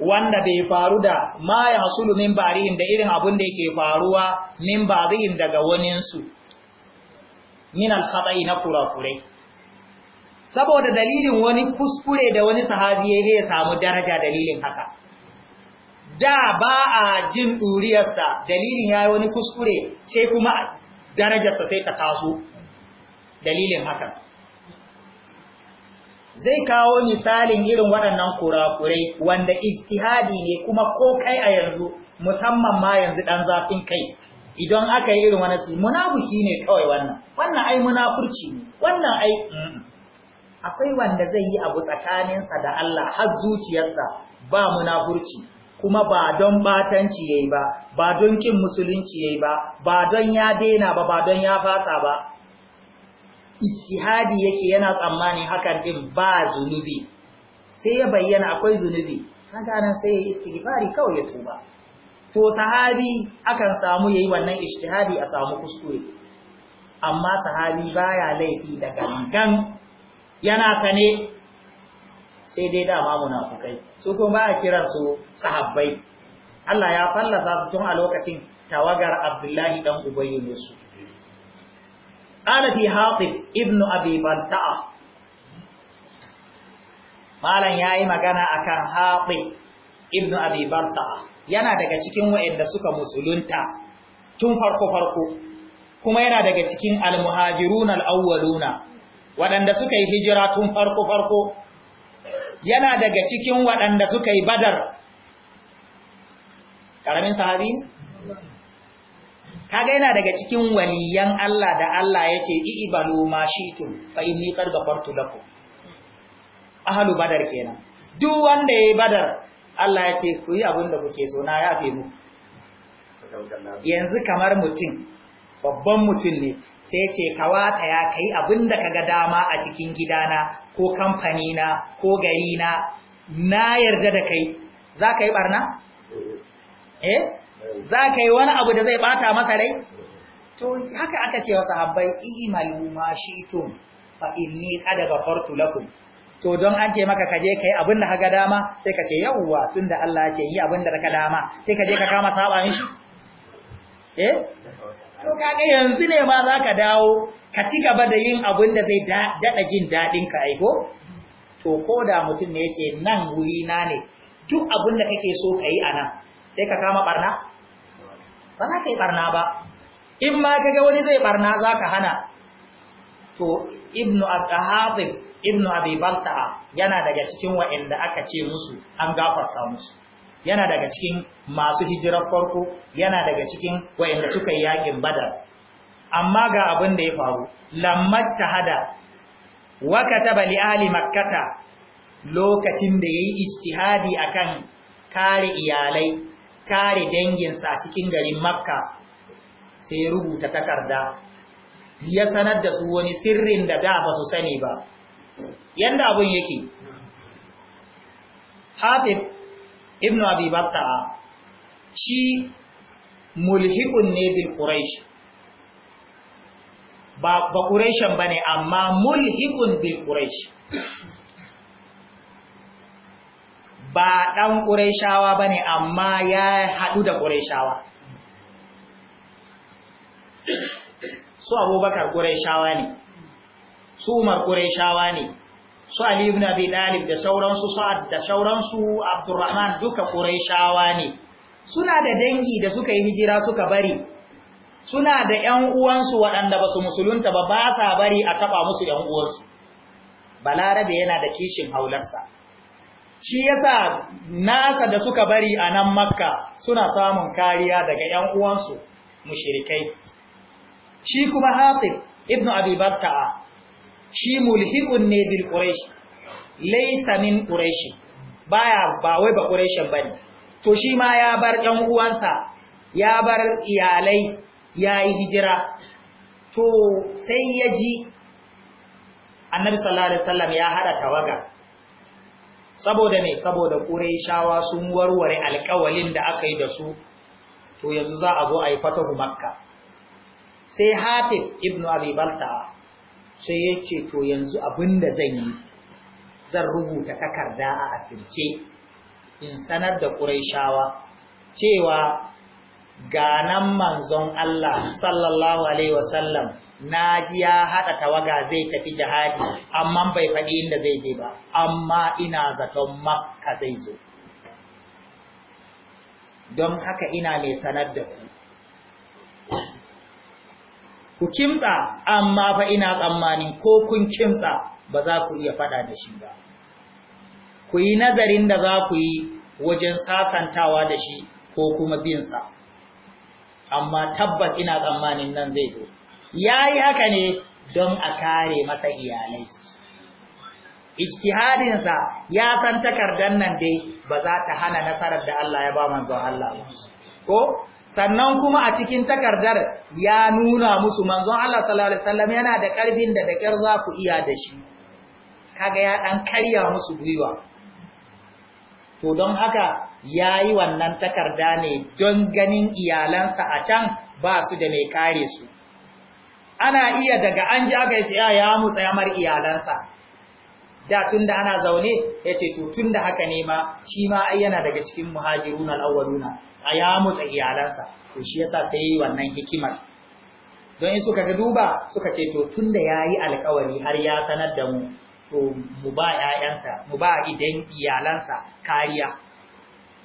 wanda bai faru da ma ya hasulu min ba'dihim da irin abun da yake faruwa min ba'dihim daga waninsu min khatai na kurakurai saboda dalilin wani kuskure da wani sahabi ya samu daraja dalilin haka da ba a jin ɗuriyarsa dalilin ya yi wani kuskure sai kuma darajarsa sai ta kasu dalilin haka. zai kawo misalin irin waɗannan kurakurai wanda ijtihadi ne kuma ko kai a yanzu musamman ma yanzu ɗan zafin kai idan aka yi irin wani munafuki ne kawai wannan wannan ai munafurci ne wannan ai akwai wanda zai yi abu tsakaninsa da Allah har zuciyarsa ba munafurci kuma ba don batanci yayi ba ba don kin musulunci yayi ba ba don ya daina ba ba don ya fasa ba ijtihadi yake yana tsammani hakan din ba zunubi sai ya bayyana akwai zunubi kaga sai ya yi istighfari kawai ya tuba to sahabi akan samu yayi wannan ijtihadi a samu kuskure amma sahabi baya laifi daga gangan yana sane sai dai dama munafukai su kuma ba kira su sahabbai Allah ya fallasa su tun a lokacin tawagar Abdullahi dan Ubayy ne su Alati Hatib حاطب Abi أبي malam ya yi magana a kan haɗe Ibnu abibalta yana daga cikin wa'anda suka musulunta tun farko-farko kuma yana daga cikin almuhajirun al'awwaluna waɗanda suka yi hijira tun farko-farko yana daga cikin waɗanda suka yi badar ƙaramin sahabi kaga yana daga cikin waliyan Allah da Allah ya ce i'ibalu ma shitun fa inni qad ghafartu lakum ahlu badar kenan duk wanda yayi badar Allah ya ce ku yi abin da kuke so na fi mu yanzu kamar mutum babban mutum ne sai ce kawata ya kai abin da ga dama a cikin gidana ko kamfanina ko garina na yarda da kai za ka yi barna? eh za ka yi wani abu da zai bata masa rai? to haka aka ce wa habbai, imalu ma shi tun fa inni kada gafartu lakum to don an ce maka kaje kai abin da haga dama sai ka ce yawwa tunda Allah ya ce yi abin da ka dama sai ka je ka kama saba mishi eh to kaga yanzu ne ma zaka dawo ka ci gaba da yin abin da zai dada jin dadin ka aiko to ko da mutum ne yake nan wuri na ne duk abin da kake so kai anan sai ka kama barna ba za ka yi barna ba in ma kaga wani zai barna za ka hana to ibnu hatib ibnu abi balta'a yana daga cikin wa'anda aka ce musu an gafarta musu yana daga cikin masu hijirar farko yana daga cikin wa'anda suka yi yakin badar amma ga abin da ya faru lamastahada wa kataba li ahli makkata lokacin da yayi ijtihadi akan kare iyalai kare danginsa a cikin garin makka sai rubuta takarda ya sanar da su wani sirrin da da ba su sani ba yanda abun yake hafif ibn abi shi mulhiqun ne bil quraish ba ba quraishan amma mulhiqun bil quraish ba dan quraishawa bane amma ya hadu da quraishawa su abubakar ƙuraishawa ne su umar ƙuraishawa ne su ali ibn abi dalib da sauransu sa'ad da sauransu abdurrahman duka ƙuraishawa ne suna da dangi da suka yi hijira suka bari suna da ƴan uwansu waɗanda ba su musulunta ba ba sa bari a taɓa musu ƴan uwansu balarabe yana da kishin haularsa shi yasa nasa da suka bari a nan makka suna samun kariya daga ƴan uwansu mushrikai shi kuma hatif ibnu abi barta'a shi mulhiqun ne bil quraish laysa min quraish baya ba wai ba quraish bane to shi ma ya bar ɗan uwansa ya bar iyalai ya yi hijira to sai ya ji annabi sallallahu alaihi wasallam ya haɗa tawaga saboda ne saboda quraishawa sun warware alƙawalin da aka yi da su to yanzu za a zo a yi fatahu makka sai hatif ibn abi balta sai ya ce to yanzu abin da zan yi zan rubuta takarda a asirce in sanar da ƙuraishawa cewa ga nan manzon Allah sallallahu alaihi wasallam naji ya haɗa tawaga zai tafi jihadi amma bai faɗi inda zai je ba amma ina zaton makka zai zo don haka ina mai sanar da ku ku kimtsa amma fa ina tsammanin ko kun kimtsa ba za ku iya faɗa da shi ba ku yi nazarin da za ku yi wajen sasantawa da shi ko kuma binsa amma tabbas ina tsammanin nan zai zo ya yi haka ne don a kare masa iyalai ijtihadinsa ya san takardar nan dai ba za ta hana nasarar da Allah ya ba manzon Allah ba ko sannan kuma a cikin takardar ya nuna musu manzon Allah sallallahu alaihi wasallam yana da karfin da da kyar za ku iya da shi kaga ya dan karya musu gwiwa to don haka yayi wannan takarda ne don ganin iyalansa a can ba su da mai kare su ana iya daga an ji aka yi ya mutsa mar iyalansa da tunda ana zaune yace to tunda haka ne ma shi ma ai yana daga cikin muhajirun al-awwaluna a ya mutsa iyalansa to shi yasa sai wannan hikimar don in suka ga duba suka ce to tunda yayi alƙawari har ya sanar da mu to mu ba ƴaƴansa mu ba idan iyalansa kariya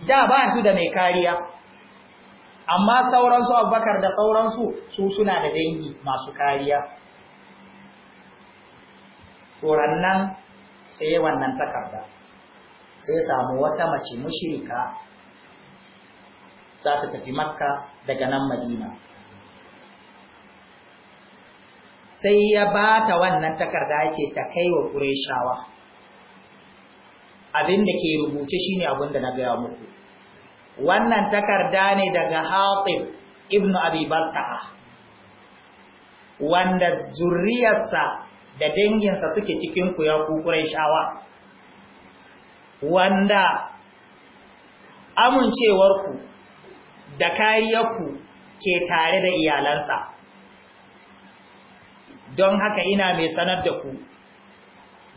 da ba su da mai kariya amma sauransu Abubakar da sauransu su suna da dangi masu kariya tsoron nan sai wannan takarda sai ya samu wata mace mushrika za ta tafi makka daga nan madina sai ya ba ta wannan takarda ya ce ta kai wa ƙureshawa Abinda ke rubuce shine ne da na gaya muku wannan takarda ne daga haƙin ibnu abi balta'a wanda zuriyarsa da danginsa suke cikin ku ya kukurai shawa wanda amincewarku da kariyarku ke tare da iyalansa don haka ina mai sanar da ku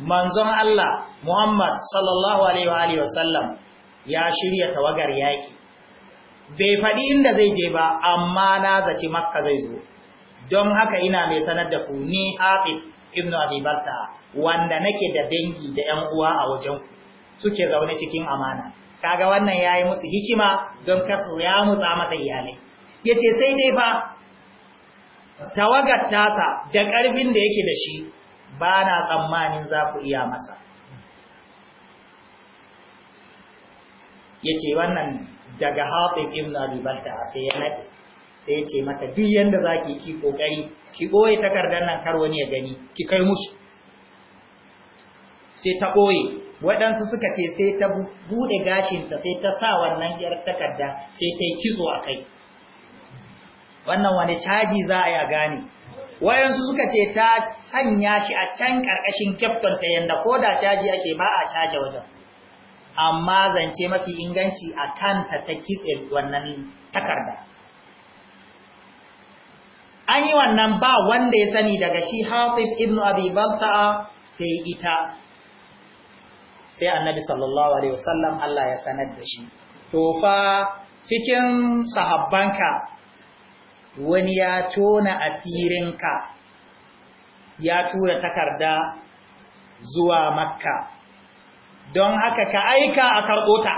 manzon Allah Muhammad sallallahu alaihi wa sallam ya shirya tawagar yaki bai faɗi inda zai je ba amma na zaci makka zai zo don haka ina mai sanar da ku ni haɓib ibnu abi balta wanda nake da dangi da ƴan uwa a wajen ku suke zaune cikin amana kaga wannan yayi musu hikima don kar su ya mutsa mata iyalai yace sai dai fa tawagar tasa da ƙarfin da yake da shi ba na tsammanin za ku iya masa yace wannan daga hatim ibn abi balta sai ya nade sai ce mata duk yanda zaki ki kokari ki ɓoye takardar nan kar wani ya gani ki kai musu sai ta ɓoye waɗansu suka ce sai ta buɗe gashinta sai ta sa wannan yar takarda sai ta yi kitso a kai wannan wani caji za a yi a gane wayansu suka ce ta sanya shi a can ƙarƙashin kyaftonta yadda ko da caji ake ba a caja wajen amma zance mafi inganci a kanta ta kitse wannan takarda an yi wannan ba wanda ya sani daga shi Hafiz ibn abi balta'a sai ita sai annabi sallallahu alaihi wasallam Allah ya sanar da shi to fa cikin sahabbanka wani ya tona asirinka ya tura takarda zuwa makka don haka ka aika a karɓota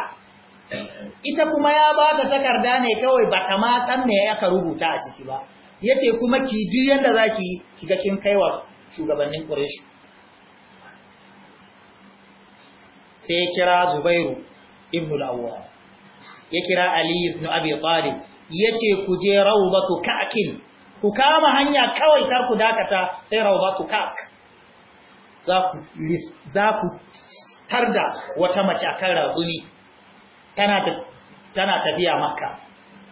ita kuma ya ba ta takarda ne kawai ba ta matsan me aka rubuta a ciki ba yace kuma ki duk yanda zaki kiga kin kaiwa shugabannin Quraysh sai kira Zubairu ibn al-Awwal ya kira Ali ibn Abi Talib yace ku je Rawbatu Ka'kin ku kama hanya kawai kar ku dakata sai Rawbatu Ka'k za ku tarda wata mace akan razuni tana tana tafiya Makka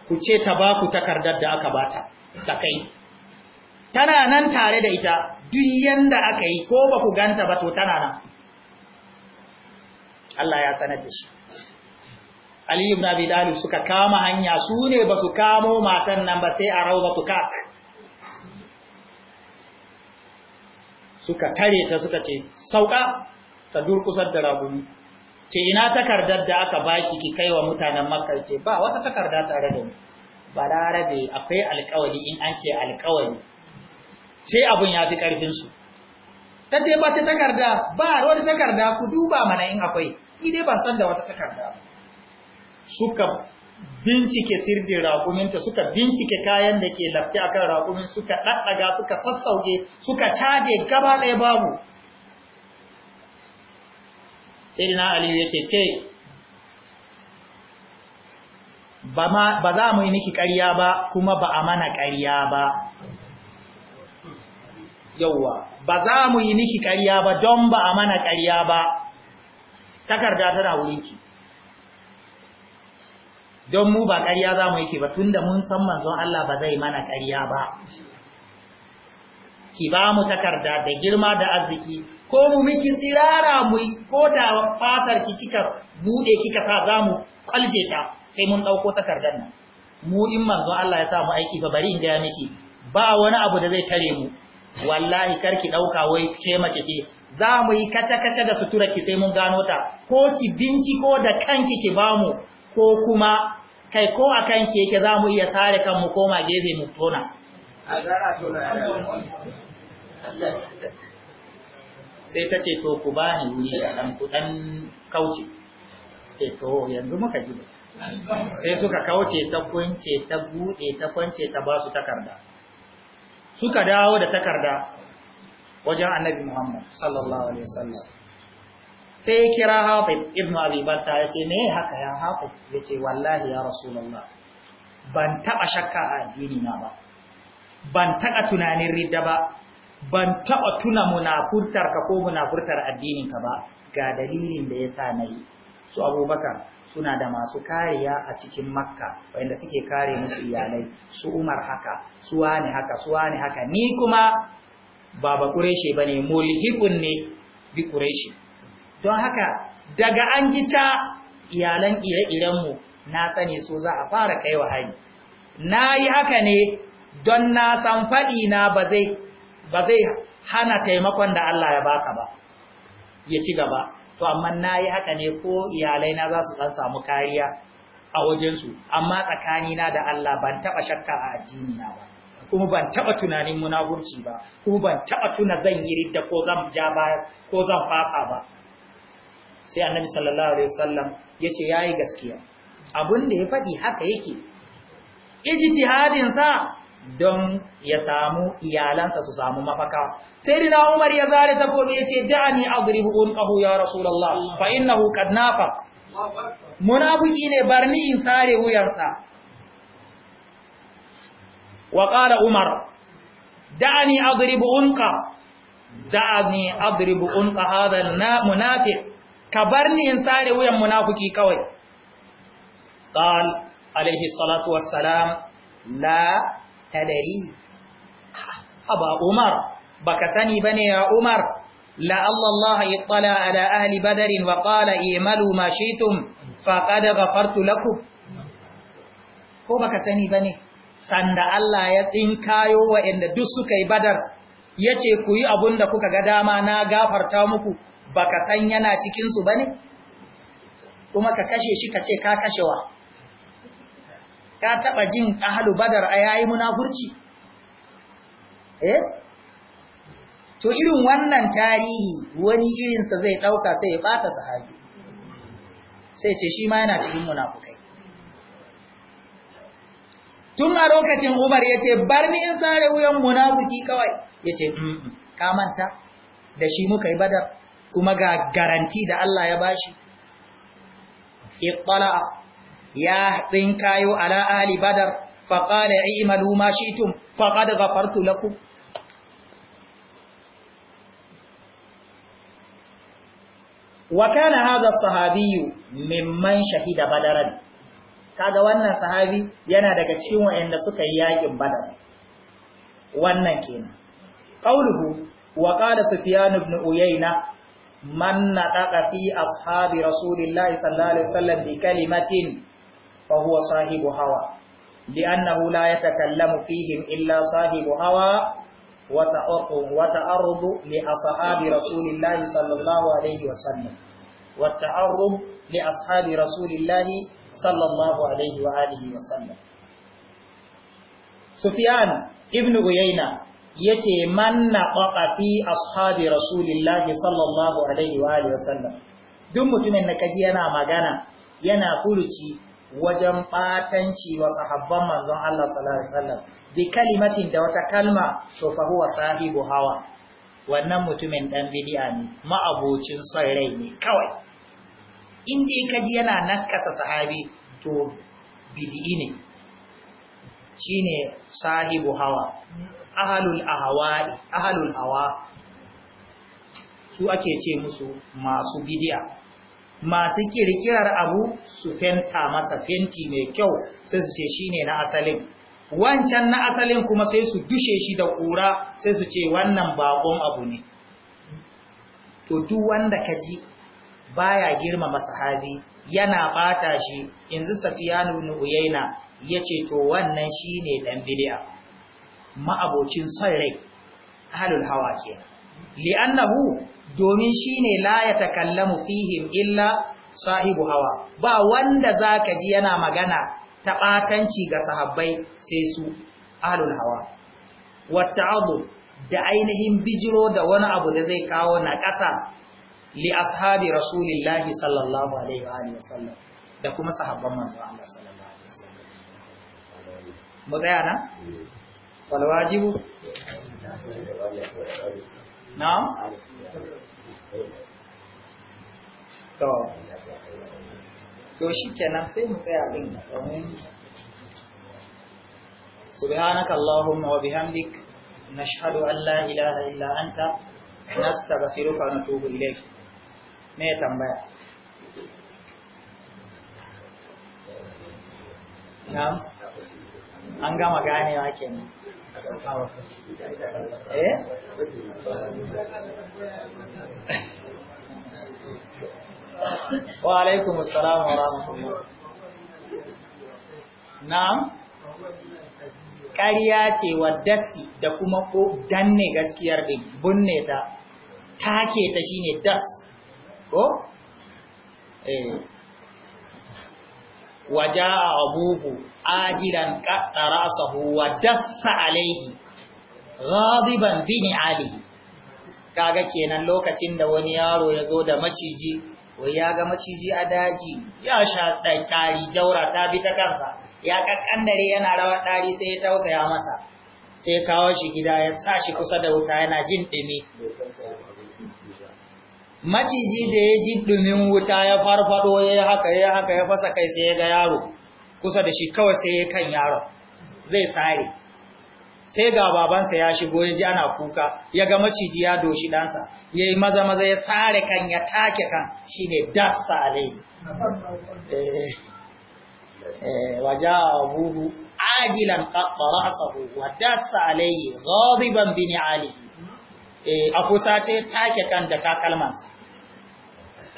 ku ce ta ba ku takardar da aka bata da kai tana nan tare da ita duk yanda aka yi ko ba ku ganta ba to tana nan Allah ya sanar da shi Ali ibn Abi Talib suka kama hanya su ne ba su kamo matan nan ba sai a rawbatu kak suka tare ta suka ce sauka ta durkusar da raguni ce ina takardar da aka baki ki kaiwa mutanen Makka ce ba wata takarda tare da mu balarabe akwai alkawari in an ce alkawari sai abun ya fi ƙarfinsu ta ce ba ta takarda ba wani takarda ku duba mana in akwai ni ban san da wata takarda suka bincike sirdin raƙuminta suka bincike kayan da ke a kan rakumin suka ɗaɗɗaga suka sassauke suka caje gaba ɗaya babu sai dina aliyu ya ce ke ba za mu yi miki ƙarya ba kuma ba a mana ƙarya ba yauwa ba za mu yi miki ƙarya ba don ba a mana ƙarya ba takarda tana wurinki don mu ba ƙarya za mu yake ba tun da mun san manzon Allah ba zai mana ƙarya ba ki ba mu takarda da girma da arziki ko mu miki tsirara mu ko da fatar kika bude kika sa za mu kwalje ta sai mun ɗauko takardar nan mu in manzo Allah ya sa mu aiki fa bari in gaya miki ba wani abu da zai tare mu wallahi karki ɗauka wai ke mace ce za mu yi kace-kace da sutura ki sai mun gano ta ko ki binciko da kanki ki bamu ko kuma kai ko a kanki yake za mu iya sare kanmu koma gefe mu tona sai ta ce to ku bani wuri a ɗan kuɗan kauce ce to yanzu muka ji sai suka kauce ta kunce ta buɗe ta kwance ta ba su takarda suka dawo da takarda wajen annabi Muhammad sallallahu alaihi wasallam sai ya kira hafi ibn Abi Batta ya ce me haka ya Hatib ya ce wallahi ya Rasulullah ban taɓa shakka a addini na ba ban taɓa tunanin ridda ba ban taɓa tuna munafurtar ka ko munafurtar addinin ka ba ga dalilin da yasa nayi su Abubakar suna da masu kariya a cikin makka wanda suke kare musu iyalai su umar haka su wani haka su wani haka ni kuma Baba ba kureshe ba ne ne bi kureshe don haka daga an gita iyalan ire-irenmu iren na sani so za a fara kai wa hari na haka ne don na san faɗi na ba zai hana taimakon da Allah ya baka ba ya ci gaba to amma na yi haka ne ko iyalai na za su san samu kariya a wajensu amma tsakanina da Allah ban taba shakka a addini na ba kuma ban taba tunanin munafurci ba kuma ban taba tuna zan yi ridda ko zan ja baya ko zan fasa ba sai annabi sallallahu alaihi wasallam yace yayi gaskiya abin da ya faɗi haka yake ijtihadin sa don ya samu iyalansa su samu mafaka sai dina umar ya zare takobi ya ce da'ani adribu unqahu ya rasulullah fa innahu qad nafa munafiki ne barni in sare wuyarsa wa qala umar da'ani adribu unqa da'ani adribu unqa hadha munafiq ka barni in sare wuyan munafiki kawai qal alaihi salatu wassalam la kadari aba umar baka sani bane ya umar la Allah yattala ala ahli badarin wa qala i'malu ma shi'tum faqad ghafartu lakum ko baka sani bane sanda Allah ya tsin kayo wa inda duk suka yi badar yace ku yi da kuka ga dama na gafarta muku baka san yana cikin su bane kuma ka kashe shi ka ce ka kashewa ka taɓa jin ahalu badar a yayi munafurci eh to irin wannan tarihi wani irinsa zai ɗauka sai ya bata sahabi sai ce shi ma yana cikin munafukai tun a lokacin umar ya ce bar ni in sare wuyan munafuki kawai ya ce ka manta da shi muka yi badar kuma ga garanti da Allah ya bashi iqtala ya tsinkayo ala ali badar faƙada imalu ma shi tun faƙada gafartu laku wa kana haza sahabiyu mimman shahida badaran kaga wannan sahabi yana daga cikin wa'anda suka yi yakin badar wannan kenan qauluhu wa qala sufyan ibn uyayna man nataqa fi ashabi rasulillahi sallallahu alaihi wasallam bi kalimatin fa huwa sahibu hawa li'annahu la yatakallamu fihim illa sahibu hawa wa ta'aqu wa ta'arrudu li ashabi rasulillahi sallallahu alaihi ibn yace man naqaqa fi ashabi rasulillahi sallallahu alaihi wa alihi duk mutumin da kaji yana magana yana kuluci. wajen batanci wa sahabban manzon Allah sallallahu alaihi wasallam bi kalimatin da wata kalma to fa huwa sahibu hawa wannan mutumin dan bid'a ne ma'abocin son rai ne kawai in dai kaji yana nakasa sahabi to bid'i ne shine sahibu hawa ahalul ahwa ahalul hawa su ake ce musu masu bid'a masu kirkirar abu su fenta masa fenti mai kyau sai su ce shi ne na asalin wancan na asalin kuma sai su dushe shi da ƙura sai su ce wannan bakon abu ne to duk wanda ka ji ba baya girmama sahabi yana bata shi yanzu safiyanu uyaina, ya ce to wannan shine dan bid'a ma'abocin son rai ahlul hawa kenan li'annahu domin shine la ya takallamu fihim illa sahibu hawa ba wanda za ka ji yana magana ta ɓatanci ga sahabbai sai su alul hawa Wata abu da ainihin bijiro da wani abu da zai kawo na ƙasa li ashabi rasulillahi sallallahu alaihi wa sallam, wasallam da kuma sahabban manzo Allah sallallahu alaihi wasallam mu tsaya na eh. wal wajibu eh. na? to to shi kenan sai mu tsaya din domin subhanaka allahumma wa bihamdik nashhadu an la ilaha illa anta nasta wa natubu ilayk me tambaya na'am an gama ganewa kenan eh wa alaikum assalam wa rahmatullah na'am ƙarya ce wa dasi da kuma ko danne gaskiyar din bunne ta take ta shine das ko eh waja abuhu ajilan qadda rasahu wa dassa alaihi ghadiban bini alihi kaga kenan lokacin da wani yaro ya zo da maciji wai ya ga maciji a daji ya sha ɗari jaura ta bi ta kansa ya dare yana rawar ɗari sai ya tausaya masa sai kawo shi gida ya sa shi kusa da wuta yana jin ɗumi maciji da ya ji dumin wuta ya farfado ya yi haka ya haka ya fasa kai sai ya ga yaro kusa da shi kawai sai ya kan yaron zai tsare sai ga babansa ya shigo ya ji ana kuka ya ga maciji ya doshi ɗansa ya yi maza maza ya tsare kan ya take kan shi ne dasa alai eh, eh, waje abubu ajilan ƙaɓɓara sahu wa dasa alai ghadiban bini alihi eh, a kusa ce take kan da takalmansa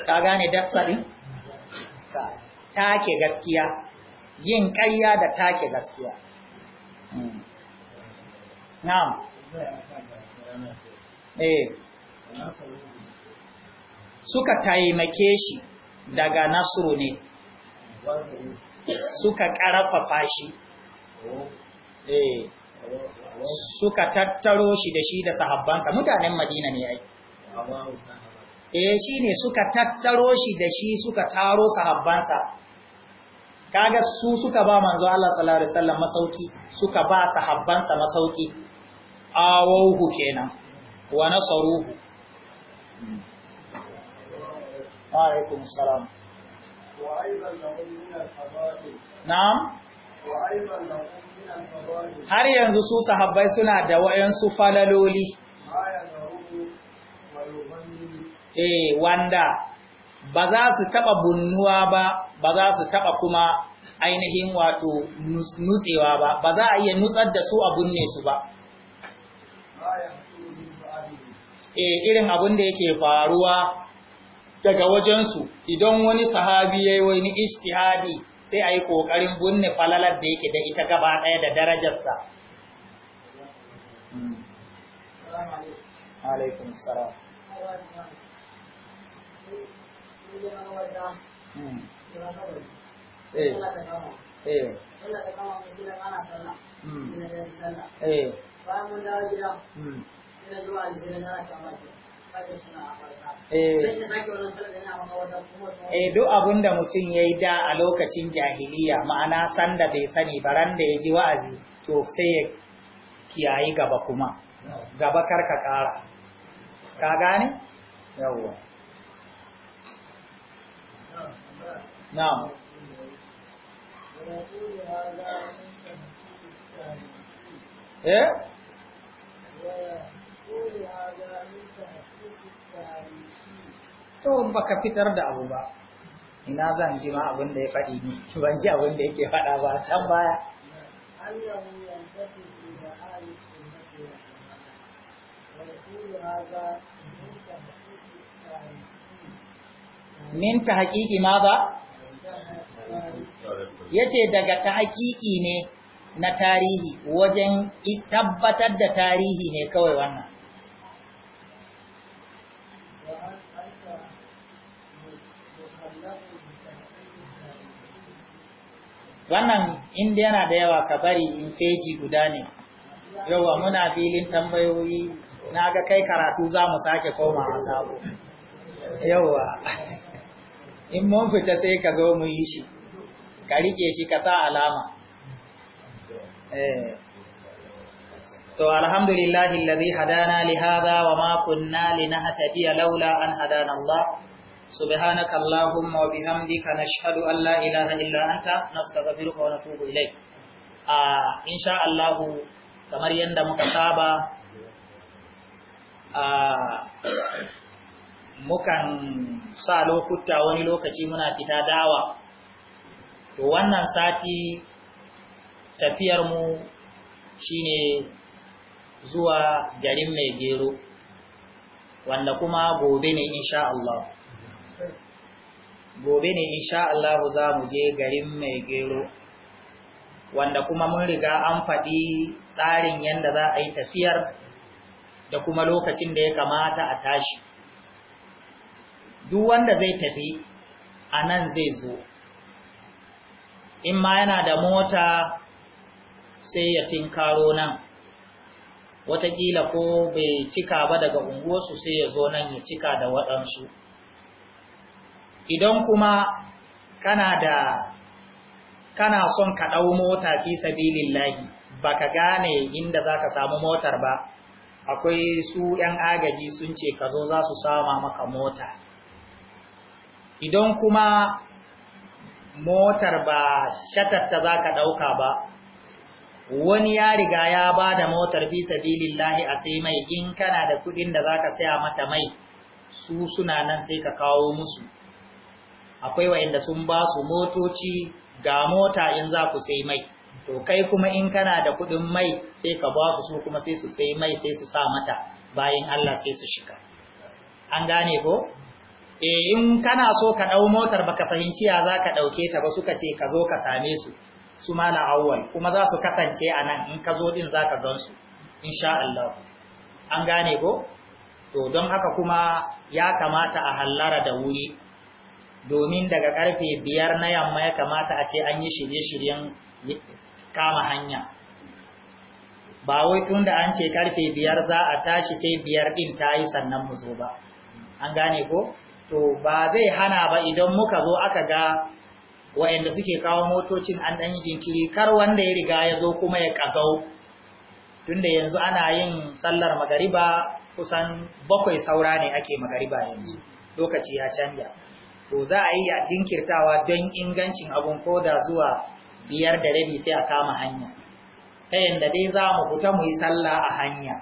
ka gane dafsa Ta take gaskiya yin ƙarya da take gaskiya hmm. na'am eh suka taimake shi daga nasru ne suka ƙarfafa shi eh. suka tattaro shi da shi da sahabbansa mutanen madina ne ya yi. eh shine suka tattaro shi da shi suka taro sahabbansa kaga su suka ba manzo Allah sallallahu alaihi wasallam masauki suka ba sahabbansa masauki awauhu kenan wa nasaruhu wa alaikum assalam wa aidan lahum min al-fada'il na'am wa aidan lahum min al-fada'il har yanzu su sahabbai suna da wayansu falaloli eh wanda ba za su taba bunnuwa ba ba za su taba kuma ainihin wato nutsewa ba ba za a iya nutsar da su a bunne su ba eh irin abin da yake faruwa daga wajensu idan wani sahabi yayi wani ijtihadi sai a yi ƙoƙarin bunne falalar da yake da ita gaba daya da darajarsa alaikum salam Eh. eh duk abin da mutum ya yi da a lokacin jahiliya ma'ana sanda bai sani baran da ya ji wa'azi to sai ya kiyayi gaba kuma gaba karka kara ka gane yawwa نعم ايه eh? so baka fitar da abu ba ina zan ji ma abin da ya faɗi ni ban ji abin da yake faɗa ba can baya min ta haƙiƙi ma ba yace daga ta haƙiƙi ne na tarihi wajen tabbatar da tarihi ne kawai wannan wannan inda yana da yawa ka bari in feji guda ne yawa muna filin tambayoyi na ga kai karatu za mu sake koma a sabo yawa in mun fita sai ka zo mu yi shi ka rike shi ka sa alama eh. to alhamdulillahi alladhi hadana li hadha wa ma kunna linahtadiya laula an hadana Allah subhanaka allahumma wa bihamdika nashhadu an la ilaha suka anta nastaghfiruka wa natubu ilai a ah, insha Allah kamar yadda muka saba a ah, mukan sa lokuta wani lokaci muna fita dawa to wannan sati tafiyar mu shine zuwa garin mai gero wanda kuma gobe ne insha Allah gobe ne insha Allah za mu je garin mai gero wanda kuma mun riga an faɗi tsarin yadda za a yi tafiyar da kuma lokacin da ya kamata a tashi duk wanda zai tafi a nan zai zo in ma yana da mota sai ya tinkaro nan watakila ko bai cika ba daga unguwarsu sai ya zo nan ya cika da waɗansu idan kuma kana da kana son ka ɗau mota fi sabilillahi baka gane inda zaka samu motar ba akwai su ‘yan agaji sun ce ka zo za su sama maka mota idan kuma motar ba shatatta za ka ɗauka ba wani ya riga ya ba da motar fi lahi a sai mai in kana da kudin da za ka saya mata mai su suna nan sai ka kawo musu akwai wa'inda sun ba su motoci ga mota in za ku sai mai to kai kuma in kana da kudin mai sai ka ba su kuma sai su sai mai sai su sa mata bayan Allah sai su shika. an gane ko e in kana so ka ɗau motar baka fahimci ya za ka ɗauke ta ba suka ce ka zo ka same su su mala awwal kuma za su kasance a nan in ka zo din za ka gansu insha Allah an gane ko to don haka kuma ya kamata a hallara da wuri domin daga karfe biyar na yamma ya kamata a ce an yi shirye-shiryen kama hanya ba wai tun da an ce karfe biyar za a tashi sai biyar ɗin ta yi sannan mu zo ba an gane ko to ba zai hana ba idan muka zo aka ga wa'anda suke kawo motocin an ɗan jinkiri kar wanda ya riga ya zo kuma ya ƙagau tunda yanzu ana yin sallar magariba kusan bakwai saura ne ake magariba yanzu lokaci ya canja to za a yi jinkirtawa don ingancin abun koda zuwa biyar da rabi sai a kama hanya ta yanda dai za mu fita mu yi sallah a hanya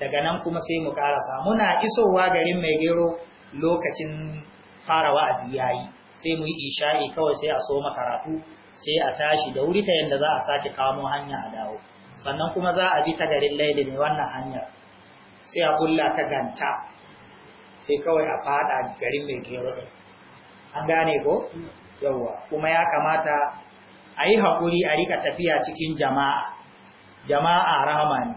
daga nan kuma sai mu karasa muna isowa garin mai gero lokacin fara wa'azi yayi sai mu yi isha'i kawai sai a so makaratu sai a tashi da wuri ta yanda za a sake kawo hanya a dawo sannan kuma za a bi ta garin laili ne wannan hanyar sai a kulla ta ganta sai kawai a fada garin mai gero din an gane ko yawa kuma ya kamata a yi haƙuri a rika tafiya cikin jama'a jama'a rahama ne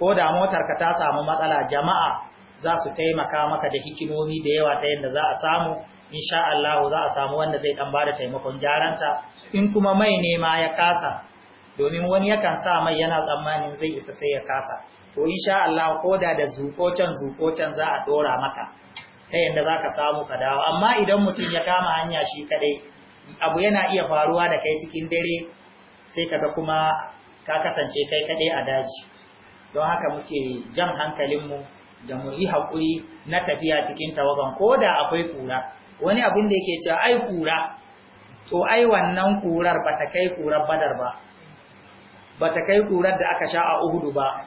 ko da motar ka ta samu matsala jama'a za su taimaka maka da hikimomi da yawa ta yadda za a samu insha Allah za a samu wanda zai dan bada taimakon jaranta in kuma mai nema ya kasa domin wani yakan sa mai yana tsammanin zai isa sai ya kasa to insha Allah koda da zukocen-zukocen za a dora maka ta yadda za ka samu ka dawo amma idan mutum ya kama hanya shi kadai abu yana iya faruwa da kai cikin dare sai kaga kuma ka kasance kai kadai a daji don haka muke jan hankalinmu da mu yi haƙuri na tafiya cikin tawagan ko da akwai kura wani abin da yake cewa ai kura to ai wannan ƙurar ba ta kai kurar badar ba ba ta kai kurar da aka sha a uhudu ba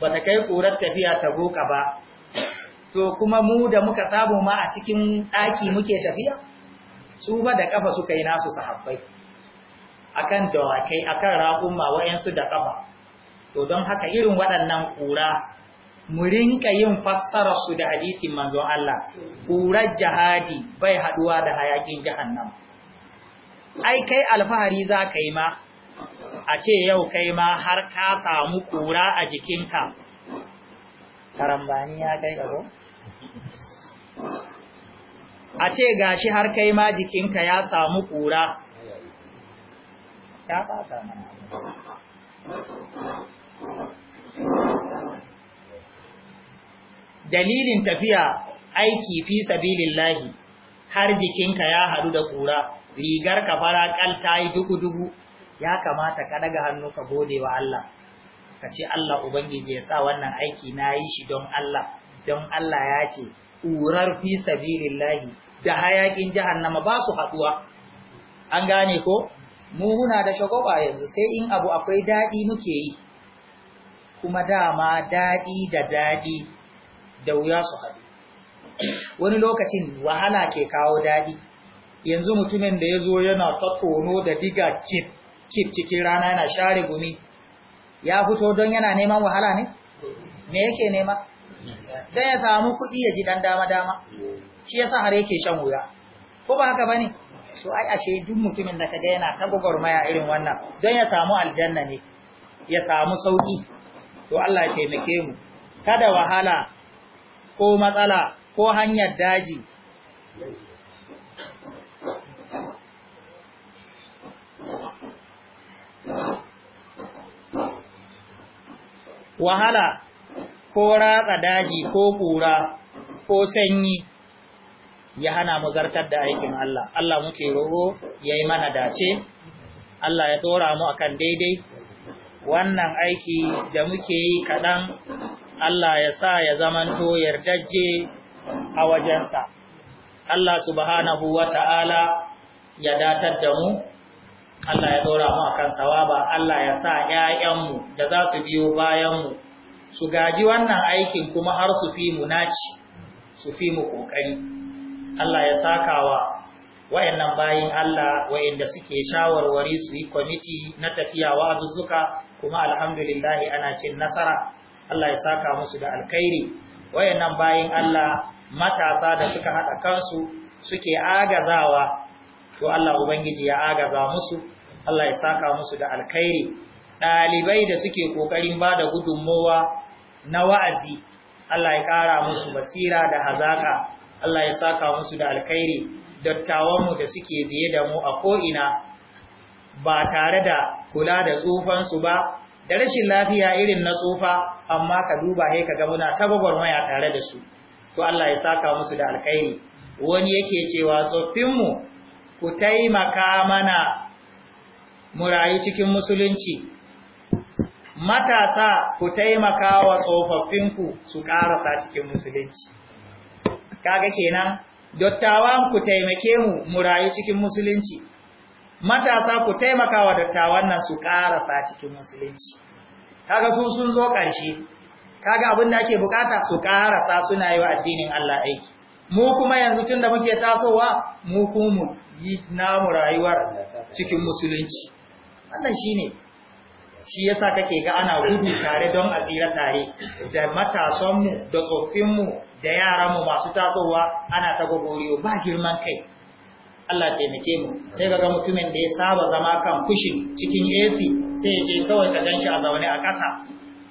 ba ta kai ƙurar tafiya ta goka ba to kuma mu da muka samu ma a cikin ɗaki muke tafiya su ba da ƙafa suka yi nasu sahabbai akan dawakai akan raƙuma wa'yansu da ƙafa to don haka irin waɗannan ƙura. mu rinka yin fassara su da hadisin manzon Allah ƙurar jihadi bai haduwa da hayakin jahannam ai kai alfahari za ka yi ma a ce yau kai ma har ka samu ƙura a jikinka karambani ya kai ƙaro a ce gashi har kai ma jikinka ya samu ƙura ya ta mana dalilin tafiya aiki fi sabilillahi har jikinka ya haɗu da ƙura rigar ka fara ta yi dugu-dugu ya kamata ka daga hannu ka gode wa Allah ka ce Allah Ubangiji ya sa wannan aiki na yi shi don Allah don Allah ya ce ƙurar fi sabilillahi da hayakin jahannama ba su haɗuwa an gane ko mu muna da shagoba yanzu sai in abu akwai daɗi muke yi kuma dama daɗi da daɗi da wuya su haɗu wani lokacin wahala ke kawo daɗi yanzu mutumin da ya zo yana ta da diga kip cikin rana yana share gumi ya fito don yana neman wahala ne me yake nema don ya samu kuɗi ya ji dan dama-dama shi ya sa har yake shan wuya ko ba haka ba ne so ai ashe duk mutumin da kaga yana ta gwagwarmaya irin wannan don ya samu aljanna ne ya samu sauƙi to Allah ya taimake mu kada wahala ko matsala ko hanyar daji wahala ko ratsa daji ko ƙura, ko sanyi ya hana mu zartar da aikin Allah Allah muke ya yayi mana dace Allah ya ɗora mu akan daidai wannan aiki da muke yi kaɗan Allah ya sa ya zamanto yardajje a wajensa. Allah subhanahu wa ta'ala ya datar da mu, Allah ya ɗora mu a kan sawaba, Allah ya sa ‘ya'yanmu da za su biyo bayanmu, su gaji wannan aikin kuma har su fi mu naci, su fi mu ƙoƙari. Allah ya sakawa wa'yannan bayin Allah wa'yanda suke shawarwari su yi kwamiti na tafiya wa'azuzzuka kuma alhamdulillahi ana cin nasara. Allah ya saka musu da alkhairi wayannan bayin Allah matasa da suka hada kansu suke agazawa to Allah ubangiji ya agaza musu Allah ya saka musu da alkhairi dalibai da suke kokarin bada gudunmowa na wa'azi Allah ya kara musu basira da hazaka Allah ya saka musu da alkhairi dattawanmu da suke biye da mu a ko'ina ba tare da kula da tsufansu ba da rashin lafiya irin na tsofa, amma ka duba he ka ga muna ta gwagwarmaya tare da su to Allah ya saka musu da alkhairi wani yake cewa tsoffinmu ku taimaka mana mu rayu cikin musulunci matasa ku taimaka wa tsofaffinku su karasa cikin musulunci kaga kenan dattawan ku taimake mu mu rayu cikin musulunci matasa ku taimaka wa dattawan nan su karasa cikin musulunci kaga su sun zo ƙarshe kaga abin da ake bukata su karasa suna yi wa addinin Allah aiki mu kuma yanzu tunda muke tasowa mu kuma yi namu rayuwar cikin musulunci wannan shine shi yasa kake ga ana gudu tare don a tsira tare da matasanmu da tsoffinmu da yaranmu masu tasowa ana ta gogoriyo ba girman kai Allah taimake mu sai kaga mutumin da ya saba zama kan kushin cikin AC sai ya je kawai ka ganshi a zaune a ƙasa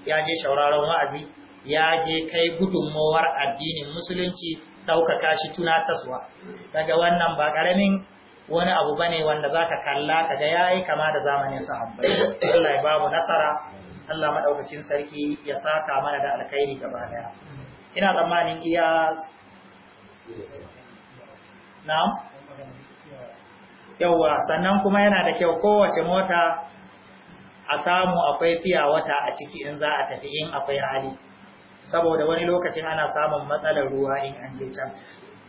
ya je shauraron wa'azi ya je kai gudunmawar addinin musulunci ɗaukaka shi taswa. daga wannan ba ƙaramin wani abu bane wanda zaka kalla ka ya yayi kama da zamanin sahabbai Allah ya babu nasara Allah madaukakin sarki ya saka mana da alkhairi gaba daya ina tsammanin iya na'am yauwa sannan kuma yana da kyau kowace mota a samu akwai fiya wata a ciki in za a tafi in akwai hali saboda wani lokacin ana samun matsalar ruwa in an je can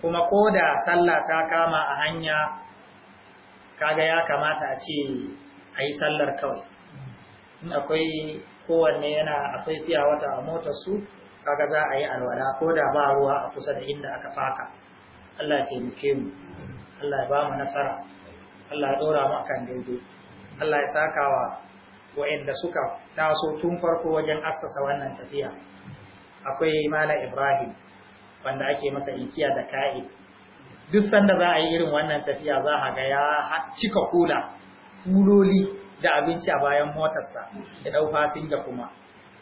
kuma ko da sallah ta kama a hanya kaga ya kamata a ce a yi sallar kawai in akwai kowanne yana akwai fiya wata a motar su kaga za a yi alwala ko da ba ruwa a kusa da inda aka faka Allah ya taimake mu Allah ya ba mu nasara Allah ya ɗora mu akan daidai Allah ya saka wa wa'anda suka taso tun farko wajen assasa wannan tafiya akwai mala Ibrahim wanda ake masa inkiya da ka'i duk sanda za a yi irin wannan tafiya za a ga ya cika kula kuloli da abinci a bayan motarsa ya ɗau fasinja kuma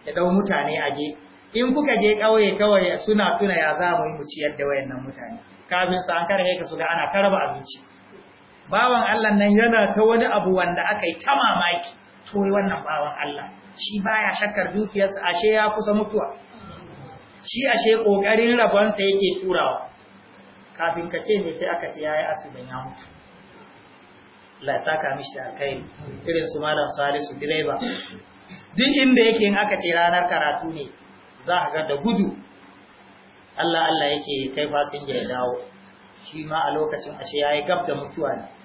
ya ɗau mutane a je in kuka je ƙauye kawai suna tuna ya za mu yi mu ciyar da wayannan mutane kafin su an karhe ka su ga ana karaba abinci bawan Allah nan yana ta wani abu wanda aka yi ta mamaki to wannan bawan Allah shi ba ya shakkar dukiyarsa ashe ya kusa mutuwa shi ashe kokarin rabonsa yake turawa kafin ka ce ne sai aka ce yayi asibin ya mutu Allah saka mishi da alkhairi irin su malam Salisu direba duk inda yake in aka ce ranar karatu ne za ka ga da gudu Allah Allah yake kai fasinja ya dawo shi ma a lokacin ashe yayi gab da mutuwa ne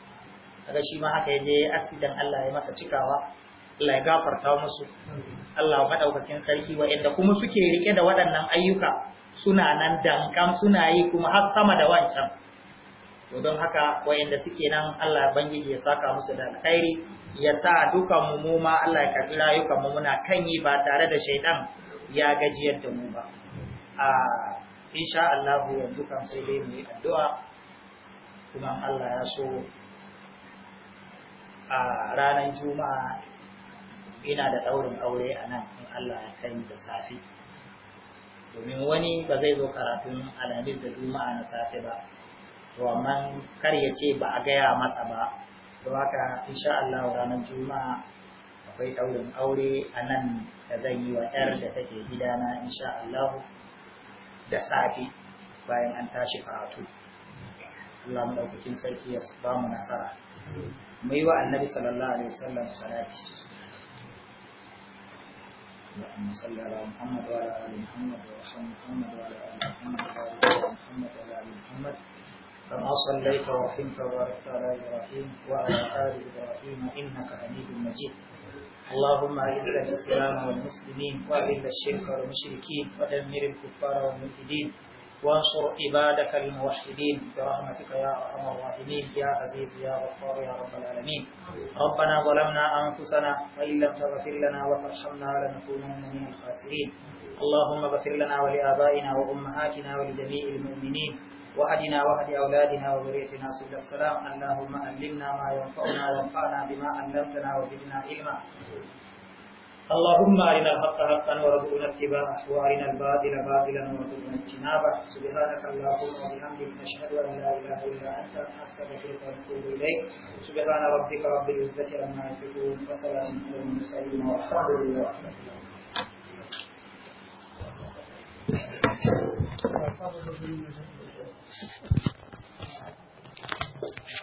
kaga shi ma haka yaje asidan Allah ya masa cikawa Allah ya gafarta musu Allah madaukakin sarki inda kuma suke rike da waɗannan ayyuka suna nan dankan suna yi kuma har sama da wancan to don haka inda suke nan Allah ya bangiji ya saka musu da alkhairi ya sa dukan mu ma Allah ya karbi rayukan mu muna kan yi ba tare da shaydan ya gajiyar da mu ba a insha Allah yanzu kan sai dai mu yi addu'a kuma Allah ya so a ranar juma'a ina da ɗaurin aure a nan in Allah ya kai da safe domin wani ba zai zo karatun alamis da juma'a na safe ba to amma kar ya ce ba a gaya masa ba to haka insha Allah ranar juma'a akwai ɗaurin aure a nan da zan yi wa 'yar da take gidana insha Allah da safe bayan an tashi karatu Allah mu ɗaukakin sarki ya ba mu nasara mu yi wa annabi sallallahu alaihi wasallam salati اللهم صل على محمد وعلى ال محمد وارحم محمد وعلى ال محمد وبارك على محمد وعلى ال محمد كما صليت ورحمت وباركت على ابراهيم وعلى ال ابراهيم انك حميد مجيد اللهم اعز الاسلام والمسلمين واذل الشرك والمشركين ودمر الكفار والملحدين وانصر عبادك الموحدين برحمتك يا ارحم الراحمين يا عزيز يا غفار يا رب العالمين ربنا ظلمنا انفسنا وان لم تغفر لنا وترحمنا لنكونن من الخاسرين اللهم اغفر لنا ولابائنا وامهاتنا ولجميع المؤمنين وهدنا وهد اولادنا وذريتنا سبل السلام اللهم علمنا ما ينفعنا وانفعنا بما علمتنا وزدنا علما اللهم أرنا الحق حقا وارزقنا اتباعه وأرنا الباطل باطلا وارزقنا اجتنابه سبحانك اللهم وبحمدك نشهد أن لا إله إلا أنت نستغفرك ونتوب إليك سبحان ربك رب العزة عما يصفون وسلام على المرسلين والحمد لله رب العالمين